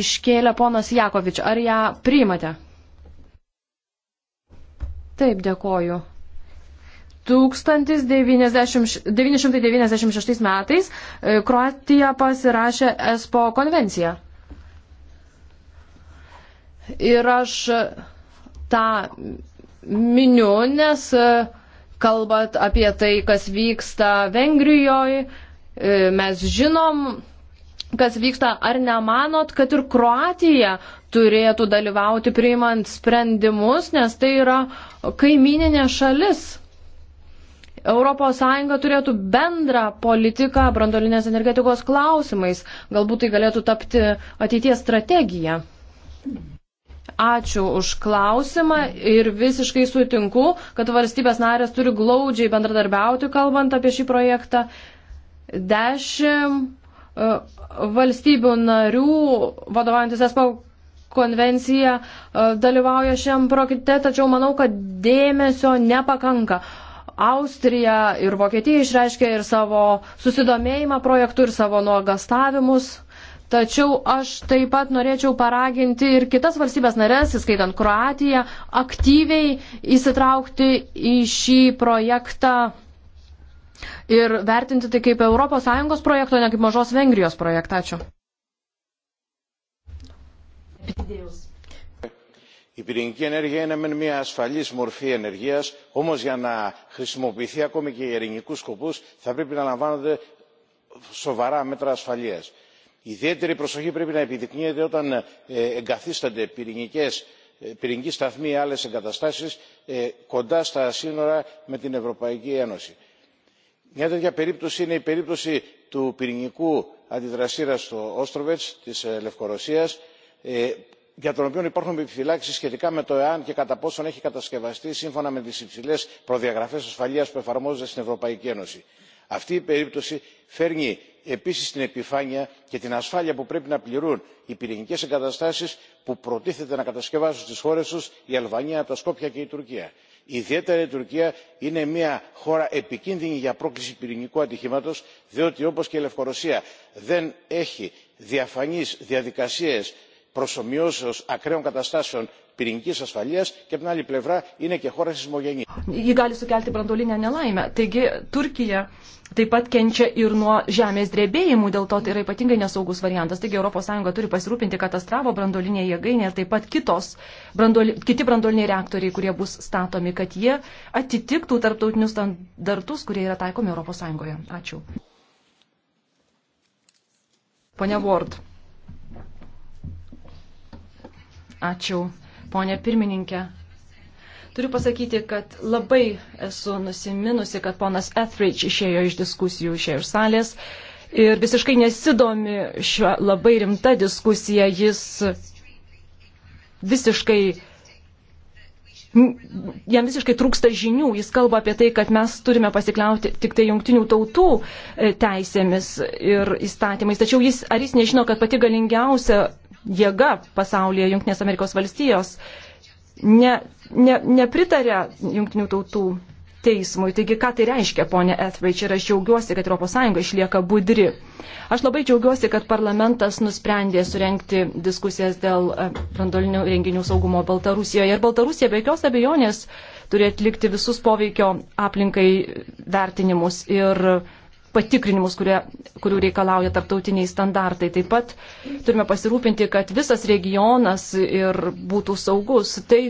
Speaker 6: iškėlė ponas Jakovič. Ar ją priimate? Taip, dėkoju. 1996 metais e, Kroatija pasirašė ESPO konvenciją. Ir aš tą miniu, nes e, kalbat apie tai, kas vyksta Vengrijoje, mes žinom, kas vyksta, ar nemanot, kad ir Kroatija turėtų dalyvauti priimant sprendimus, nes tai yra kaimininė šalis. ES turėtų bendrą politiką brandolinės energetikos klausimais. Galbūt tai galėtų tapti ateities strategija. Ačiū už klausimą ir visiškai sutinku, kad valstybės narės turi glaudžiai bendradarbiauti, kalbant apie šį projektą. Dešimt e, valstybių narių, vadovaujantis ESPO konvencija, e, dalyvauja šiam projekte, tačiau manau, kad dėmesio nepakanka. Austrija ir Vokietija išreiškė ir savo susidomėjimą projektu, ir savo nuogastavimus. Tačiau aš taip pat norėčiau paraginti ir kitas valstybės narės, įskaitant Kroatiją, aktyviai įsitraukti į šį projektą ir vertinti tai kaip ES projektą, ne kaip mažos Vengrijos projektą. Ačiū.
Speaker 1: Epidėjus
Speaker 2: η πυρηνική ενέργεια είναι μεν μια ασφαλής μορφή ενεργείας όμως για να χρησιμοποιηθεί ακόμη και για ειρηνικούς σκοπούς θα πρέπει να λαμβάνονται σοβαρά μέτρα ασφαλείας. ιδιαίτερη προσοχή πρέπει να επιδεικνύεται όταν εγκαθίστανται πυρηνικοί σταθμοί ή άλλες εγκαταστάσεις κοντά στα σύνορα με την ευρωπαϊκή ένωση. μια τέτοια περίπτωση είναι η περίπτωση του πυρηνικού αντιδραστήρα στο όστροβετς της λευκορωσίας για τον οποίο υπάρχουν επιφυλάξει σχετικά με το εάν και κατά πόσον έχει κατασκευαστεί σύμφωνα με τι υψηλέ προδιαγραφέ ασφαλεία που εφαρμόζονται στην ευρωπαϊκή ένωση. αυτή η περίπτωση φέρνει επίση στην επιφάνεια και την ασφάλεια που πρέπει να πληρούν οι πυρηνικέ εγκαταστάσει που προτίθεται να κατασκευάσουν στι χώρε του η αλβανία τα σκόπια και η τουρκία. ιδιαίτερα η τουρκία είναι μια χώρα επικίνδυνη για πρόκληση πυρηνικού ατυχήματο διότι όπω και η λευκορωσία δεν έχει διαφανεί διαδικασίε προσωμιώσεως ακραίων καταστάσεων πυρηνικής ασφαλείας και από την άλλη πλευρά είναι και χώρα σεισμογενή.
Speaker 1: Ji gali sukelti branduolinę nelaimę. Taigi Turkija taip pat kenčia ir nuo žemės drebėjimų, dėl to tai yra ypatingai nesaugus variantas. Taigi ES turi pasirūpinti, kad Astravo branduolinė jėgainė ir taip pat kitos, branduoli, kiti branduoliniai reaktoriai, kurie bus statomi, kad jie atitiktų tarptautinius standartus, kurie yra taikomi ES. Ačiū. Pone Ward. Ačiū, ponė pirmininkė. Turiu pasakyti, kad labai esu nusiminusi, kad ponas Etheridge išėjo iš diskusijų, išėjo iš salės ir visiškai nesidomi šią labai rimtą diskusiją. Jis visiškai jam visiškai trūksta žinių, jis kalba apie tai, kad mes turime pasikliauti tik tai jungtinių tautų e, teisėmis ir įstatymais. Tačiau jis, ar jis nežino, kad pati galingiausia jėga pasaulyje Junktinės Amerikos valstijos ne, ne, nepritarė Junktinių tautų teismui. Taigi, ką tai reiškia, ponė Etheridge, ir aš džiaugiuosi, kad ES išlieka budri. Aš labai džiaugiuosi, kad parlamentas nusprendė surenkti diskusijas dėl e, brandolinių renginių saugumo Baltarusijoje. Ir Baltarusija be jokios abejonės turi atlikti visus poveikio aplinkai vertinimus ir patikrinimus, kurie, kurių reikalauja tarptautiniai standartai. Taip pat turime pasirūpinti, kad visas regionas ir būtų saugus. Tai,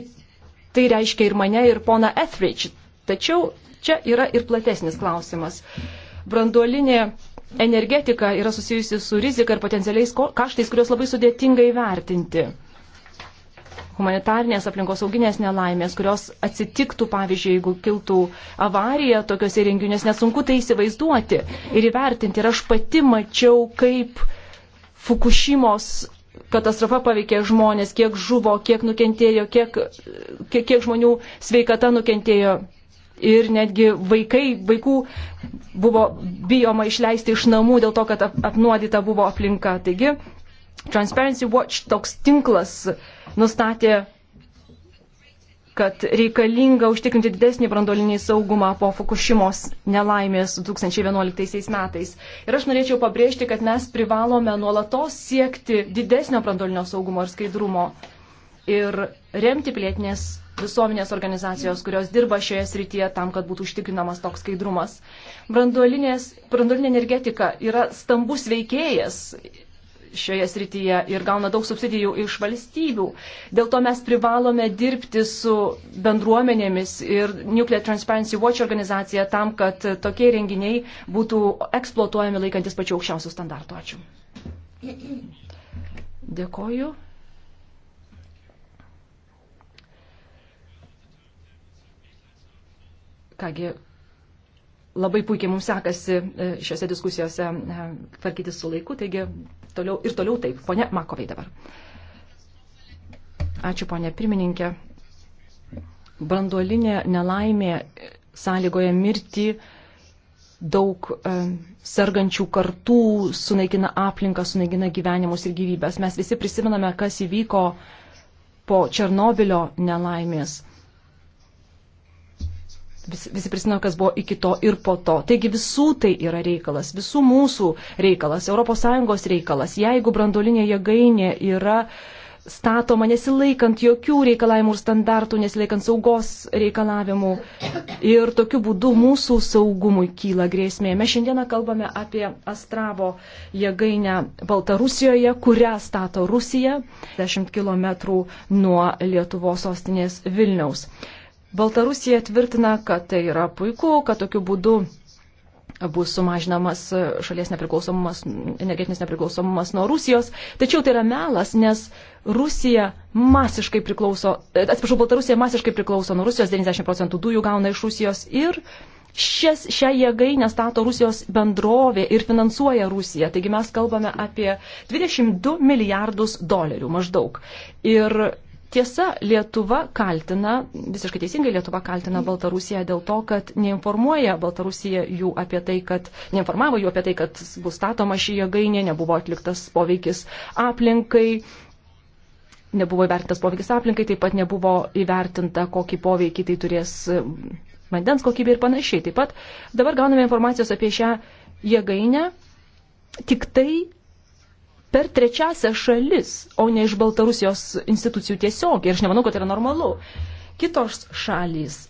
Speaker 1: tai reiškia ir mane, ir pona Etheridge. Tačiau čia yra ir platesnis klausimas. Branduolinė energetika yra susijusi su rizika ir potencialiais kaštais, kuriuos labai sudėtinga įvertinti humanitarnės aplinkosauginės nelaimės, kurios atsitiktų, pavyzdžiui, jeigu kiltų avarija tokiuose renginiuose, nes sunku tai įsivaizduoti ir įvertinti. Ir aš pati mačiau, kaip Fukushimos katastrofa paveikė žmonės, kiek žuvo, kiek nukentėjo, kiek, kiek, kiek žmonių sveikata nukentėjo. Ir netgi vaikai, vaikų buvo bijoma išleisti iš namų dėl to, kad apnuodyta buvo aplinka. Taigi, Transparency Watch toks tinklas uh, nustatė, kad reikalinga užtikrinti didesnį brandolinį saugumą po Fukushimos nelaimės 2011 metais. Ir aš norėčiau pabrėžti, kad mes privalome nuolatos siekti didesnio brandolinio saugumo ir skaidrumo ir remti pilietinės visuomenės organizacijos, kurios dirba šioje srityje tam, kad būtų užtikrinamas toks skaidrumas. Branduolinė energetika yra stambus veikėjas šioje srityje ir gauna daug subsidijų iš valstybių. Dėl to mes privalome dirbti su bendruomenėmis ir Nuclear Transparency Watch organizacija tam, kad tokie renginiai būtų eksploatuojami laikantis pačių aukščiausių standartų. Ačiū. Dėkoju. Kągi, labai puikiai mums sekasi e, šiuose diskusijose e, tvarkytis su laiku, taigi toliau, ir toliau taip. Pone Makovai dabar. Ačiū, ponė pirmininkė. Branduolinė nelaimė sąlygoja mirti daug e, sergančių kartų, sunaikina aplinką, sunaikina gyvenimus ir gyvybės. Mes visi prisimename, kas įvyko po Černobilio nelaimės visi, visi prisimena, kas buvo iki to ir po to. Taigi visų tai yra reikalas, visų mūsų reikalas, ES reikalas. Jeigu brandolinė jėgainė yra statoma nesilaikant jokių reikalavimų ir standartų, nesilaikant saugos reikalavimų ir tokiu būdu mūsų saugumui kyla grėsmė. Mes šiandieną kalbame apie Astravo jėgainę Baltarusijoje, kurią stato Rusija 10 km nuo Lietuvos sostinės Vilniaus. Baltarusija tvirtina, kad tai yra puiku, kad tokiu būdu bus sumažinamas šalies nepriklausomumas, energetinis nepriklausomumas nuo Rusijos. Tačiau tai yra melas, nes Rusija masiškai priklauso, atsiprašau, Baltarusija masiškai priklauso nuo Rusijos, 90 procentų dujų gauna iš Rusijos ir šias, šią jėgainę stato Rusijos bendrovė ir finansuoja Rusiją. Taigi mes kalbame apie 22 milijardus dolerių maždaug. Ir Tiesa, Lietuva kaltina, visiškai teisingai Lietuva kaltina Baltarusiją dėl to, kad neinformuoja Baltarusija jų apie tai, kad neinformavo jų apie tai, kad bus statoma ši jėgainė, nebuvo atliktas poveikis aplinkai, nebuvo įvertintas poveikis aplinkai, taip pat nebuvo įvertinta, kokį poveikį tai turės um, vandens kokybė ir panašiai. Taip pat dabar gauname informacijos apie šią jėgainę tik tai per trečiasią šalis, o ne iš Baltarusijos institucijų tiesiog. Ir aš nemanau, kad tai yra normalu. Kitos šalys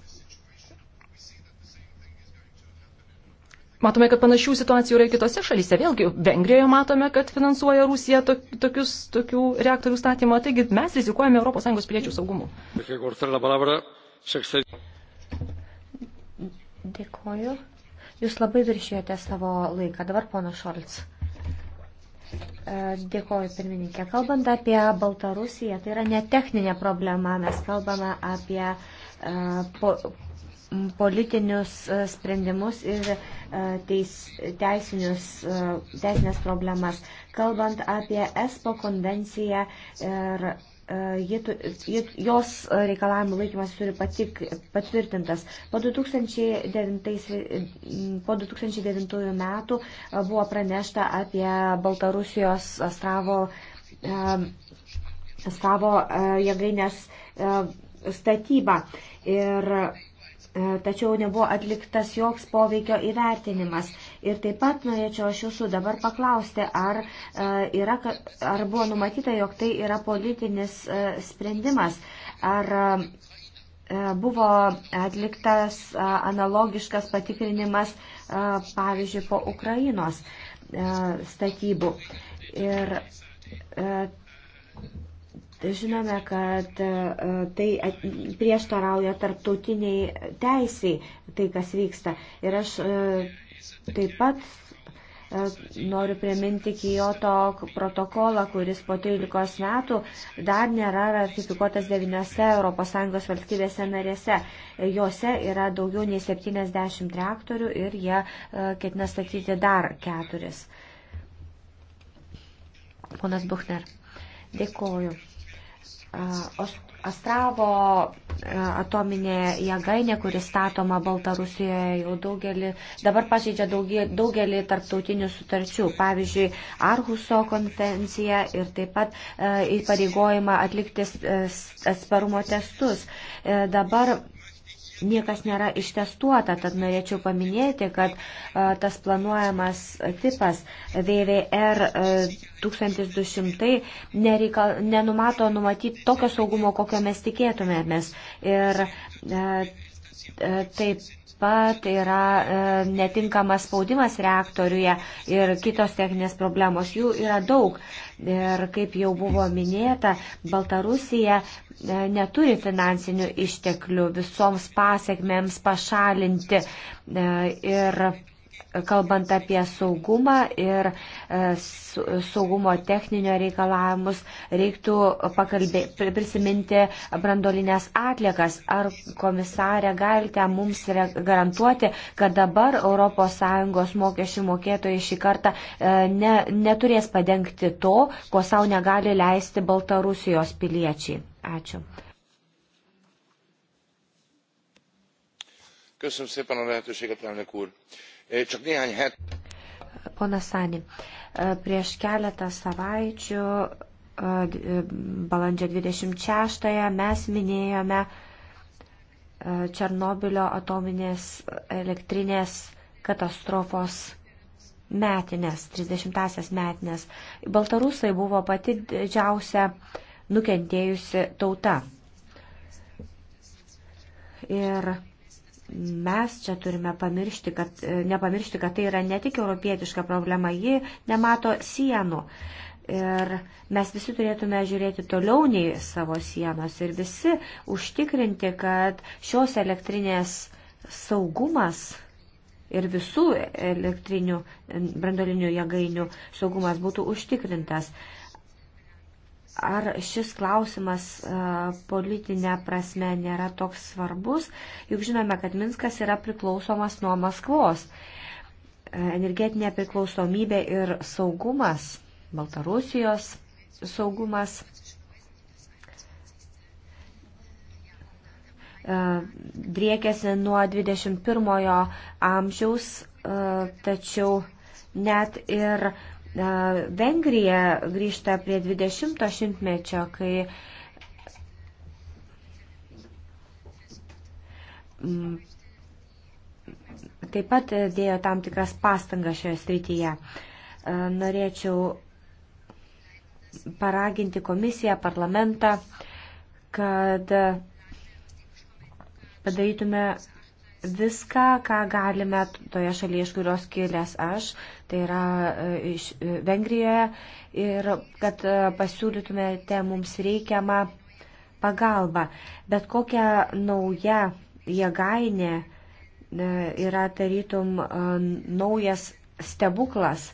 Speaker 1: Matome, kad panašių situacijų yra ir kitose šalyse. Vėlgi, Vengrijoje matome, kad finansuoja Rusija tokius, tokių reaktorių statymą. Taigi mes rizikuojame ES piliečių saugumu.
Speaker 3: Dėkoju. Jūs labai viršėjote savo laiką. Dabar pono Šolts. E, dėkoju, pirmininkė. Kalbant apie Baltarusiją, tai yra ne techninė problema, mes kalbame apie e, po, politinius e, sprendimus ir teis, teisinius, teisinės problemas. Kalbant apie ESPO konvenciją ir E, jie, jos reikalavimų laikymas turi patik, patvirtintas. Po 2009, po 2009 metų e, buvo pranešta apie Baltarusijos Astravo, e, Astravo jėgainės statybą. Ir, tačiau nebuvo atliktas joks poveikio įvertinimas. Ir taip pat norėčiau aš jūsų dabar paklausti, ar, e, yra, ar buvo numatyta, jog tai yra politinis e, sprendimas. Ar e, buvo atliktas analogiškas patikrinimas, pavyzdžiui, po Ukrainos statybų. Ir žinome, kad tai prieštarauja tarptautiniai teisiai, tai kas vyksta. Ir aš Taip pat e, noriu priminti Kijoto protokolą, kuris po 13 metų dar nėra ratifikuotas 9 ES valstybėse narėse. Jose yra daugiau nei 70 reaktorių ir jie e, ketina statyti dar keturis. Ponas Buchner, dėkoju. Astravo atominė jėgainė, kuri statoma Baltarusijoje jau daugelį, dabar pažeidžia daugelį, daugelį tarptautinių sutarčių, pavyzdžiui, Arhuso konvenciją ir taip pat e, įpareigojimą atlikti e, atsparumo testus. E, dabar niekas nėra ištestuota, tad norėčiau paminėti, kad tas planuojamas tipas VVR 1200 nereikal, nenumato numatyti tokio saugumo, kokio mes tikėtumėmės. Ir taip pat tai yra e, netinkamas spaudimas reaktoriuje ir kitos techninės problemos. Jų yra daug. Ir kaip jau buvo minėta, Baltarusija e, neturi finansinių išteklių visoms pasiekmėms pašalinti. E, ir kalbant apie saugumą ir e, saugumo techninio reikalavimus, reiktų pakalbė, prisiminti brandolinės atliekas. Ar komisarė galite mums garantuoti, kad dabar ES mokesčių mokėtojai šį kartą e, ne, neturės padengti to, ko savo negali leisti Baltarusijos piliečiai? Ačiū.
Speaker 2: Köszönöm szépen a lehetőséget, elnök úr. Csak néhány het...
Speaker 3: Pona Sani, prieš keletą savaičių, balandžio 26-ąją, mes minėjome Černobilio atominės elektrinės katastrofos metinės, 30-asias metinės. Baltarusai buvo pati didžiausia nukentėjusi tauta. Ir mes čia turime pamiršti, kad, nepamiršti, kad tai yra ne tik europietiška problema, ji nemato sienų. Ir mes visi turėtume žiūrėti toliau nei savo sienos ir visi užtikrinti, kad šios elektrinės saugumas ir visų elektrinių brandolinių jėgainių saugumas būtų užtikrintas. Uh, ar šis klausimas e, politinė prasme nėra toks svarbus, juk žinome, kad Minskas yra priklausomas nuo Maskvos. E, energetinė priklausomybė ir saugumas, Baltarusijos saugumas. E, driekėsi nuo 21 amžiaus, tačiau net ir uh, Vengrija grįžta prie 20-o šimtmečio, kai mm, taip pat dėjo tam tikras pastangas šioje srityje. Norėčiau paraginti komisiją, parlamentą, kad padarytume viską, ką galime toje šalyje, iš kurios kilęs aš, tai yra e, iš e, Vengrijoje, ir kad e, pasiūlytumėte mums reikiamą pagalbą. Bet kokia nauja jėgainė yra tarytum naujas stebuklas.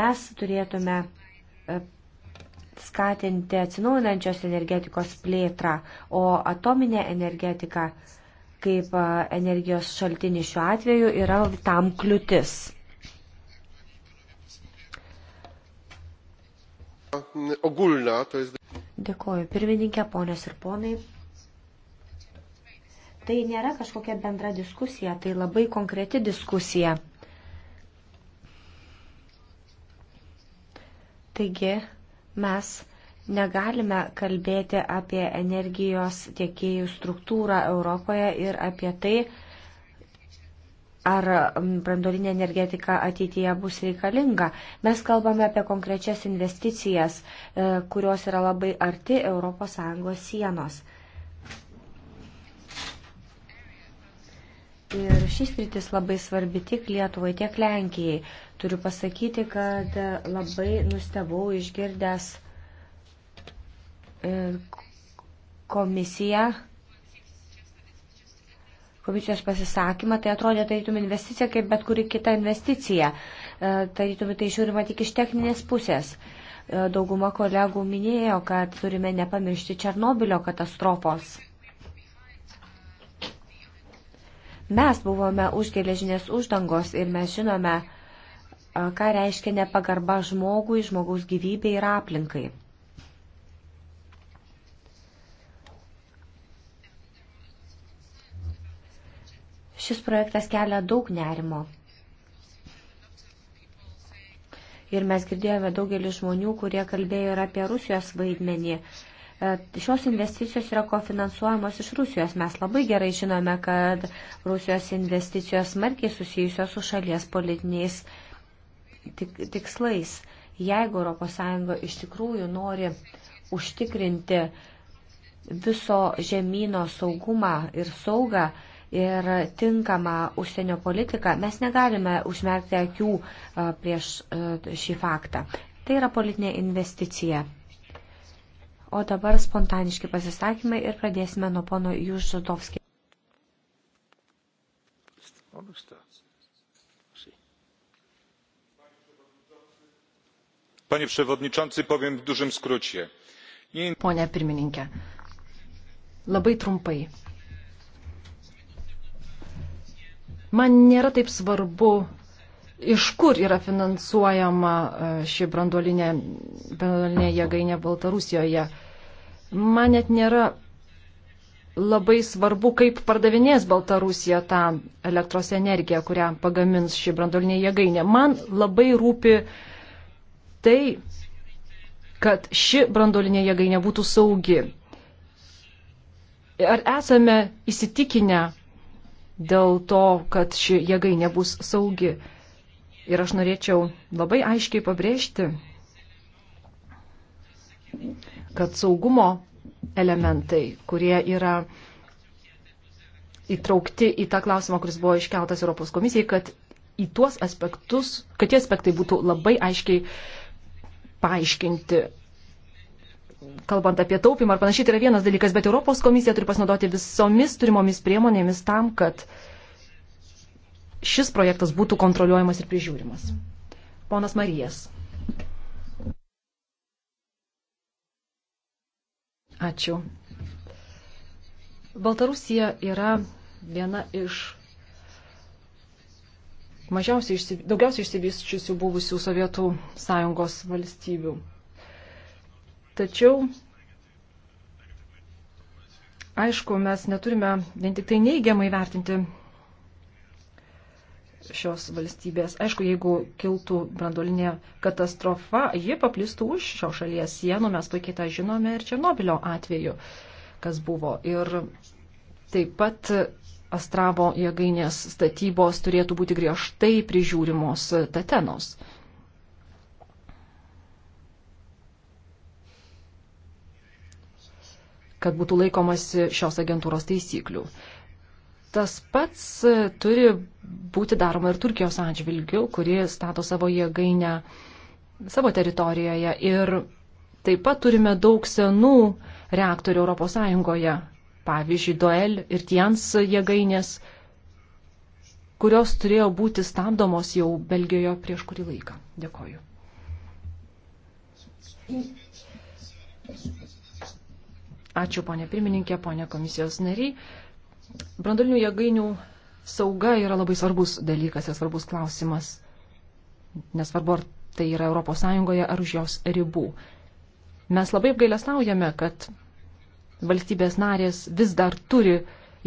Speaker 3: Mes turėtume skatinti atsinaujinančios energetikos plėtrą, o atominė energetika uh, kaip energijos šaltinis šiuo atveju yra tam kliūtis.
Speaker 4: ogólna to jest.
Speaker 3: Dėkuoju, pirmininkė, ponės ir ponai. Tai nėra kažkokia bendra diskusija, tai labai konkreti diskusija. Taigi mes Negalime kalbėti apie energijos tiekėjų struktūrą Europoje ir apie tai, ar brandolinė energetika ateityje bus reikalinga. Mes kalbame apie konkrečias investicijas, e, kurios yra labai arti ES sienos. Ir šis rytis labai svarbi tiek Lietuvai, tiek Lenkijai. Turiu pasakyti, kad labai nustebau išgirdęs E, komisiją, komisijos pasisakymą, tai atrodė tarytum investicija kaip bet kuri kita investicija. E, tarytum tai žiūrima tik iš techninės pusės. E, dauguma kolegų minėjo, kad turime nepamiršti Černobilio katastrofos. Mes buvome už geležinės uždangos ir mes žinome, ką reiškia nepagarba žmogui, žmogaus gyvybei ir aplinkai. Šis projektas kelia daug nerimo. Ir mes girdėjome daugelį žmonių, kurie kalbėjo ir apie Rusijos vaidmenį e, šios investicijos yra kofinansuojamos iš Rusijos. Mes labai gerai žinome, kad Rusijos investicijos smarkiai susijusios su šalies politiniais tik, tikslais. Jeigu ES iš tikrųjų nori užtikrinti viso žemynų saugumą ir saugą, ir tinkamą užsienio politiką, mes negalime užmerkti akių e, prieš e, šį faktą. Tai yra politinė investicija. O dabar spontaniški pasisakymai ir pradėsime nuo pono Jūžudovskį.
Speaker 5: Panie przewodniczący, powiem w dużym skrócie.
Speaker 1: Nie... Pone pirmininkė, labai trumpai. Man nėra taip svarbu, iš kur yra finansuojama e, ši branduolinė, branduolinė jėgainė Baltarusijoje. Man net nėra labai svarbu, kaip pardavinės Baltarusija tą elektros energiją, kurią pagamins ši brandolinė jėgainė. Man labai rūpi tai, kad ši brandolinė jėgainė būtų saugi. Ar esame įsitikinę, dėl to, kad ši jėgai nebus saugi. Ir aš norėčiau labai aiškiai pabrėžti, kad saugumo elementai, kurie yra įtraukti į tą klausimą, kuris buvo iškeltas Europos komisijai, kad į tuos aspektus, kad tie aspektai būtų labai aiškiai paaiškinti kalbant apie taupimą ar panašiai, tai yra vienas dalykas, bet Europos komisija turi pasinaudoti visomis turimomis priemonėmis tam, kad šis projektas būtų kontroliuojamas ir prižiūrimas. Ponas Marijas. Ačiū. Baltarusija yra viena iš mažiausiai, daugiausiai išsivysčiusių buvusių Sovietų sąjungos valstybių. Tačiau, aišku, mes neturime vien tik tai neigiamai vertinti šios valstybės. Aišku, jeigu kiltų brandolinė katastrofa, ji paplistų už šios šalies sienų, mes puikiai tą žinome ir Černobilio atveju, kas buvo. Ir taip pat Astravo jėgainės statybos turėtų būti griežtai prižiūrimos Tatenos kad būtų laikomasi šios agentūros taisyklių. Tas pats e, turi būti daroma ir Turkijos atžvilgiu, kuri stato savo jėgainę savo teritorijoje. Ir taip pat turime daug senų reaktorių ES, pavyzdžiui, Doel ir Tians jėgainės, kurios turėjo būti stabdomos jau Belgijoje prieš kurį laiką. Dėkoju. Ačiū, ponė pirmininkė, ponė komisijos nariai. Brandolinių jėgainių sauga yra labai svarbus dalykas ir svarbus klausimas. Nesvarbu, ar tai yra ES ar už jos ribų. Mes labai apgailestaujame, kad valstybės narės vis dar turi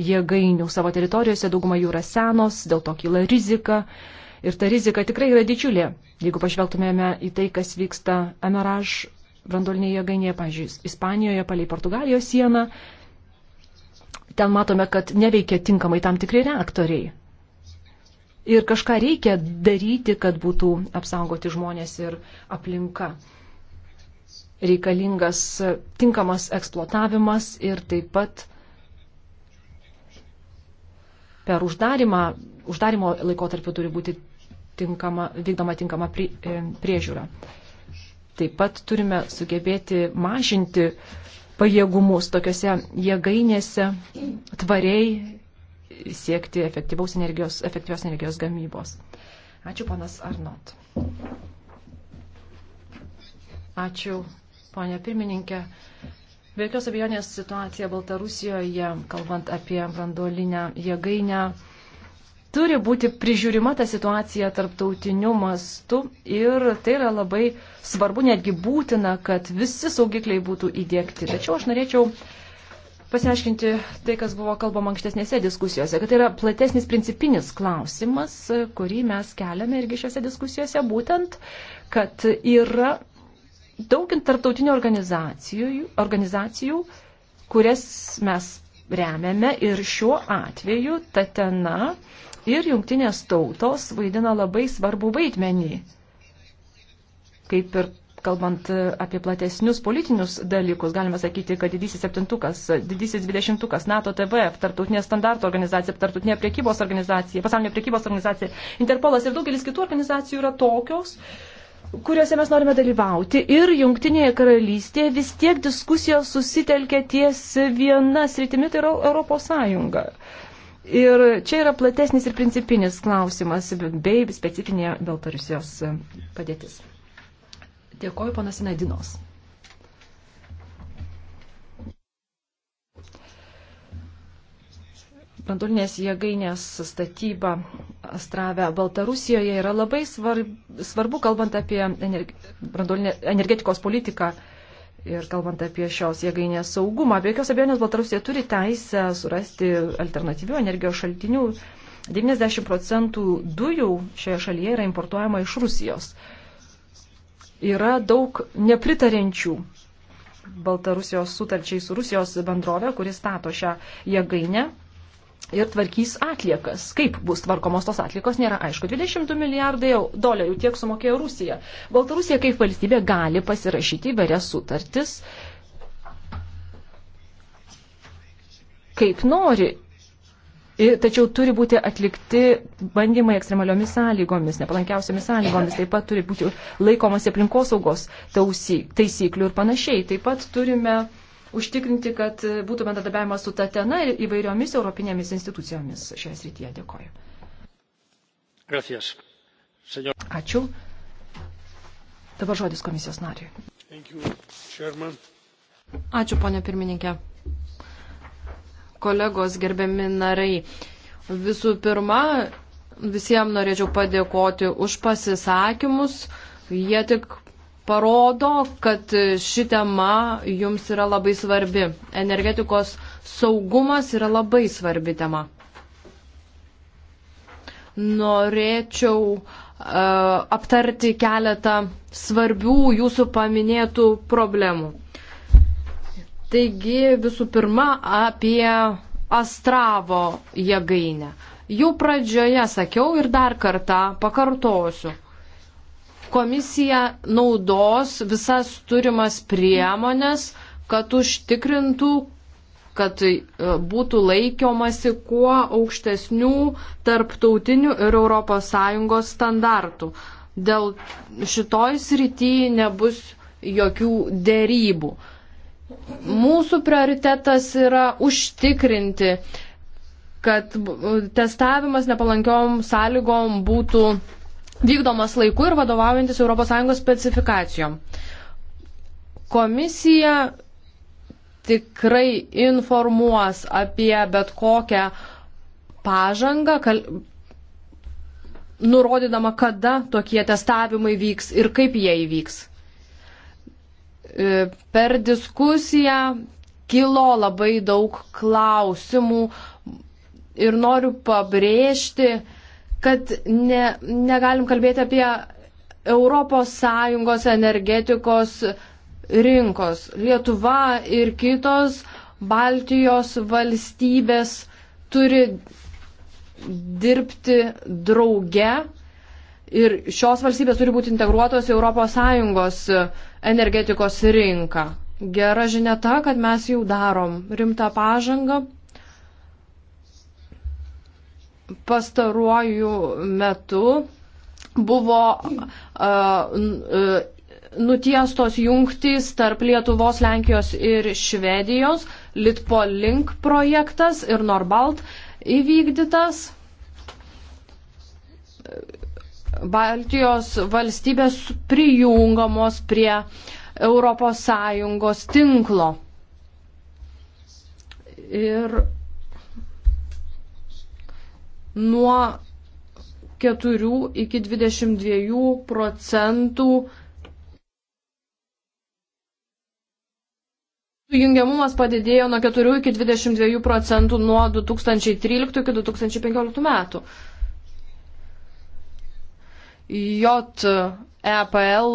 Speaker 1: jėgainių savo teritorijose, dauguma jų yra senos, dėl to kyla rizika. Ir ta rizika tikrai yra didžiulė. Jeigu pažvelgtumėme į tai, kas vyksta Emeraž brandolinėje jėgainėje, pažiūrėjau, Ispanijoje, palei Portugalijos sieną. Ten matome, kad neveikia tinkamai tam tikri reaktoriai. Ir kažką reikia daryti, kad būtų apsaugoti žmonės ir aplinka. Reikalingas tinkamas eksploatavimas ir taip pat per uždarimą, uždarimo laikotarpiu turi būti tinkama, vykdoma tinkama e, priežiūra. Prie Taip pat turime sugebėti mažinti pajėgumus tokiuose jėgainėse tvariai siekti efektyvios energijos, efektyvios energijos gamybos. Ačiū, panas Arnot. Ačiū, ponė pirmininkė. Be jokios abejonės situacija Baltarusijoje, kalbant apie branduolinę jėgainę, Turi būti prižiūrima ta situacija tarptautiniu mastu ir tai yra labai svarbu, netgi būtina, kad visi saugikliai būtų įdėkti. Tačiau aš norėčiau pasiaiškinti tai, kas buvo kalbama ankstesnėse diskusijose, kad tai yra platesnis principinis klausimas, kurį mes keliame irgi šiuose diskusijose, būtent, kad yra daug tarptautinių organizacijų, organizacijų, kurias mes remiame ir šiuo atveju Tatena ir jungtinės tautos vaidina labai svarbų vaidmenį, kaip ir kalbant apie platesnius politinius dalykus, galima sakyti, kad didysis septintukas, didysis dvidešimtukas, NATO TVF, Tartutinė standarto organizacija, Tartutinė priekybos organizacija, pasaulinė priekybos organizacija, Interpolas ir daugelis kitų organizacijų yra tokios, kuriuose mes norime dalyvauti. Ir Junktinėje karalystėje vis tiek diskusijos susitelkia ties viena sritimi, tai yra Europos Sąjunga. Uh, Ir čia yra platesnis ir principinis klausimas bei specifinė Baltarusijos padėtis. Dėkoju, panas Nadinos. brandulinės jėgainės statyba Astrave Baltarusijoje yra labai svarb, svarbu, kalbant apie energi, brandulinė, energetikos politiką Ir kalbant apie šios jėgainės saugumą, be jokios abejonės Baltarusija turi teisę surasti alternatyvių energijos šaltinių. 90 procentų dujų šioje šalyje yra importuojama iš Rusijos. Yra daug nepritarenčių Baltarusijos sutarčiai su Rusijos bendrovė, kuris stato šią jėgainę ir tvarkys atliekas. Kaip bus tvarkomos tos atliekos, nėra aišku. 20 milijardai dolerių tiek sumokėjo Rusija. Baltarusija kaip valstybė gali pasirašyti įvairias sutartis, kaip nori. Ir, tačiau turi būti atlikti bandymai ekstremaliomis sąlygomis, nepalankiausiamis sąlygomis, taip pat turi būti laikomasi aplinkosaugos tausy, taisyklių ir panašiai. Taip pat turime uh, užtikrinti, kad būtų bendradarbiavimas su Tatena ir įvairiomis europinėmis institucijomis šioje srityje.
Speaker 2: Dėkoju. Gracias. Senor...
Speaker 1: Ačiū.
Speaker 6: Dabar žodis komisijos nariui. Ačiū, ponė pirmininkė. Kolegos, gerbiami narai. Visų pirma, visiems norėčiau padėkoti už pasisakymus. Jie tik parodo, kad ši tema jums yra labai svarbi. Energetikos saugumas yra labai svarbi tema. Norėčiau uh, aptarti keletą svarbių jūsų paminėtų problemų. Taigi visų pirma apie Astravo jėgainę. Jau pradžioje sakiau ir dar kartą pakartosiu Komisija naudos visas turimas priemonės, kad užtikrintų, kad e, būtų laikiomasi kuo aukštesnių tarptautinių ir ES standartų. Dėl šitoj srityje nebus jokių dėrybų. Mūsų prioritetas yra užtikrinti, kad e, testavimas nepalankiom sąlygom būtų vykdomas laiku ir vadovaujantis ES specifikacijom. Komisija tikrai informuos apie bet kokią pažangą, kal... nurodydama, kada tokie testavimai vyks ir kaip jie įvyks. E, per diskusiją kilo labai daug klausimų ir noriu pabrėžti, kad ne, negalim kalbėti apie ES energetikos rinkos. Lietuva ir kitos Baltijos valstybės turi dirbti drauge ir šios valstybės turi būti integruotos į ES energetikos rinką. Gera žinia ta, kad mes jau darom rimtą pažangą pastaruoju metu buvo nutiestos jungtys tarp Lietuvos, Lenkijos ir Švedijos, Litpolink projektas ir Norbalt įvykdytas. Baltijos valstybės prijungamos prie ES tinklo. Ir nuo 4 iki 22 procentų Jungiamumas padidėjo nuo 4 iki 22 procentų nuo 2013 iki 2015 metų. JEPL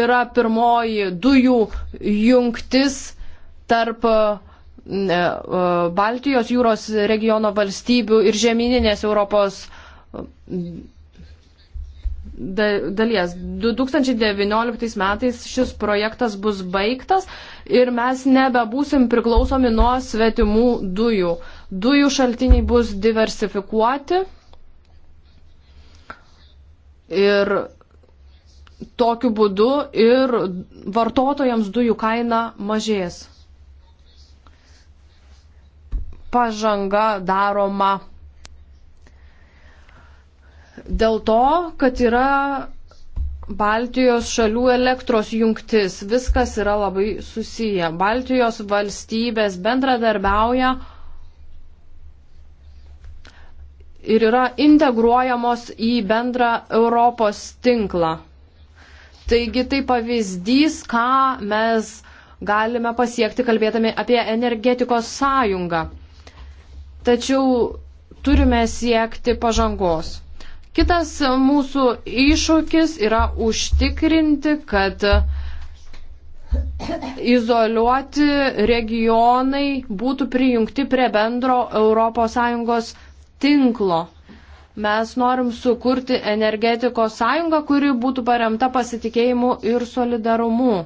Speaker 6: yra pirmoji dujų jungtis tarp E, Baltijos jūros regiono valstybių ir žemyninės Europos e, dalies. 2019 metais šis projektas bus baigtas ir mes nebebūsim priklausomi nuo svetimų dujų. Dujų šaltiniai bus diversifikuoti ir tokiu būdu ir vartotojams dujų kaina mažės pažanga daroma dėl to, kad yra Baltijos šalių elektros jungtis. Viskas yra labai susiję. Baltijos valstybės bendradarbiauja ir yra integruojamos į bendrą Europos tinklą. Taigi tai pavyzdys, ką mes galime pasiekti kalbėdami apie energetikos sąjungą tačiau turime siekti pažangos. Kitas mūsų iššūkis yra užtikrinti, kad izoliuoti regionai būtų prijungti prie bendro ES tinklo. Mes norim sukurti energetikos sąjungą, kuri būtų paremta pasitikėjimu ir solidarumu.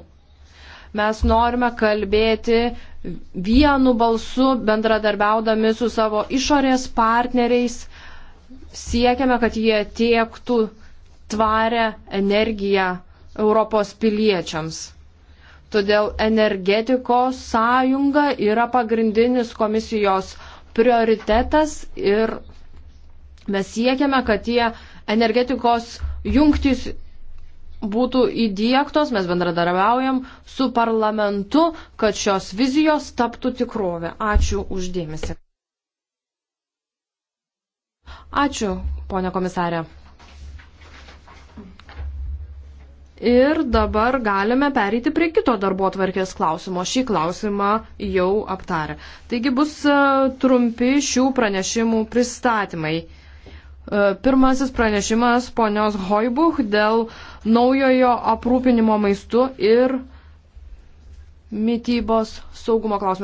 Speaker 6: Mes norime kalbėti vienu balsu, bendradarbiaudami su savo išorės partneriais. Siekiame, kad jie tiektų tvarę energiją Europos piliečiams. Todėl energetikos sąjunga yra pagrindinis komisijos prioritetas ir mes siekiame, kad tie energetikos jungtys būtų įdėktos, mes bendradarbiaujam su parlamentu, kad šios vizijos taptų tikrovę. Ačiū uždėmesi. Ačiū, ponė komisarė. Ir dabar galime pereiti prie kito darbo atvarkės klausimo. Šį klausimą jau aptarė. Taigi bus e, trumpi šių pranešimų pristatymai. E, pirmasis pranešimas ponios Hoibuch dėl naujojo aprūpinimo maistu ir mytybos saugumo klausimų.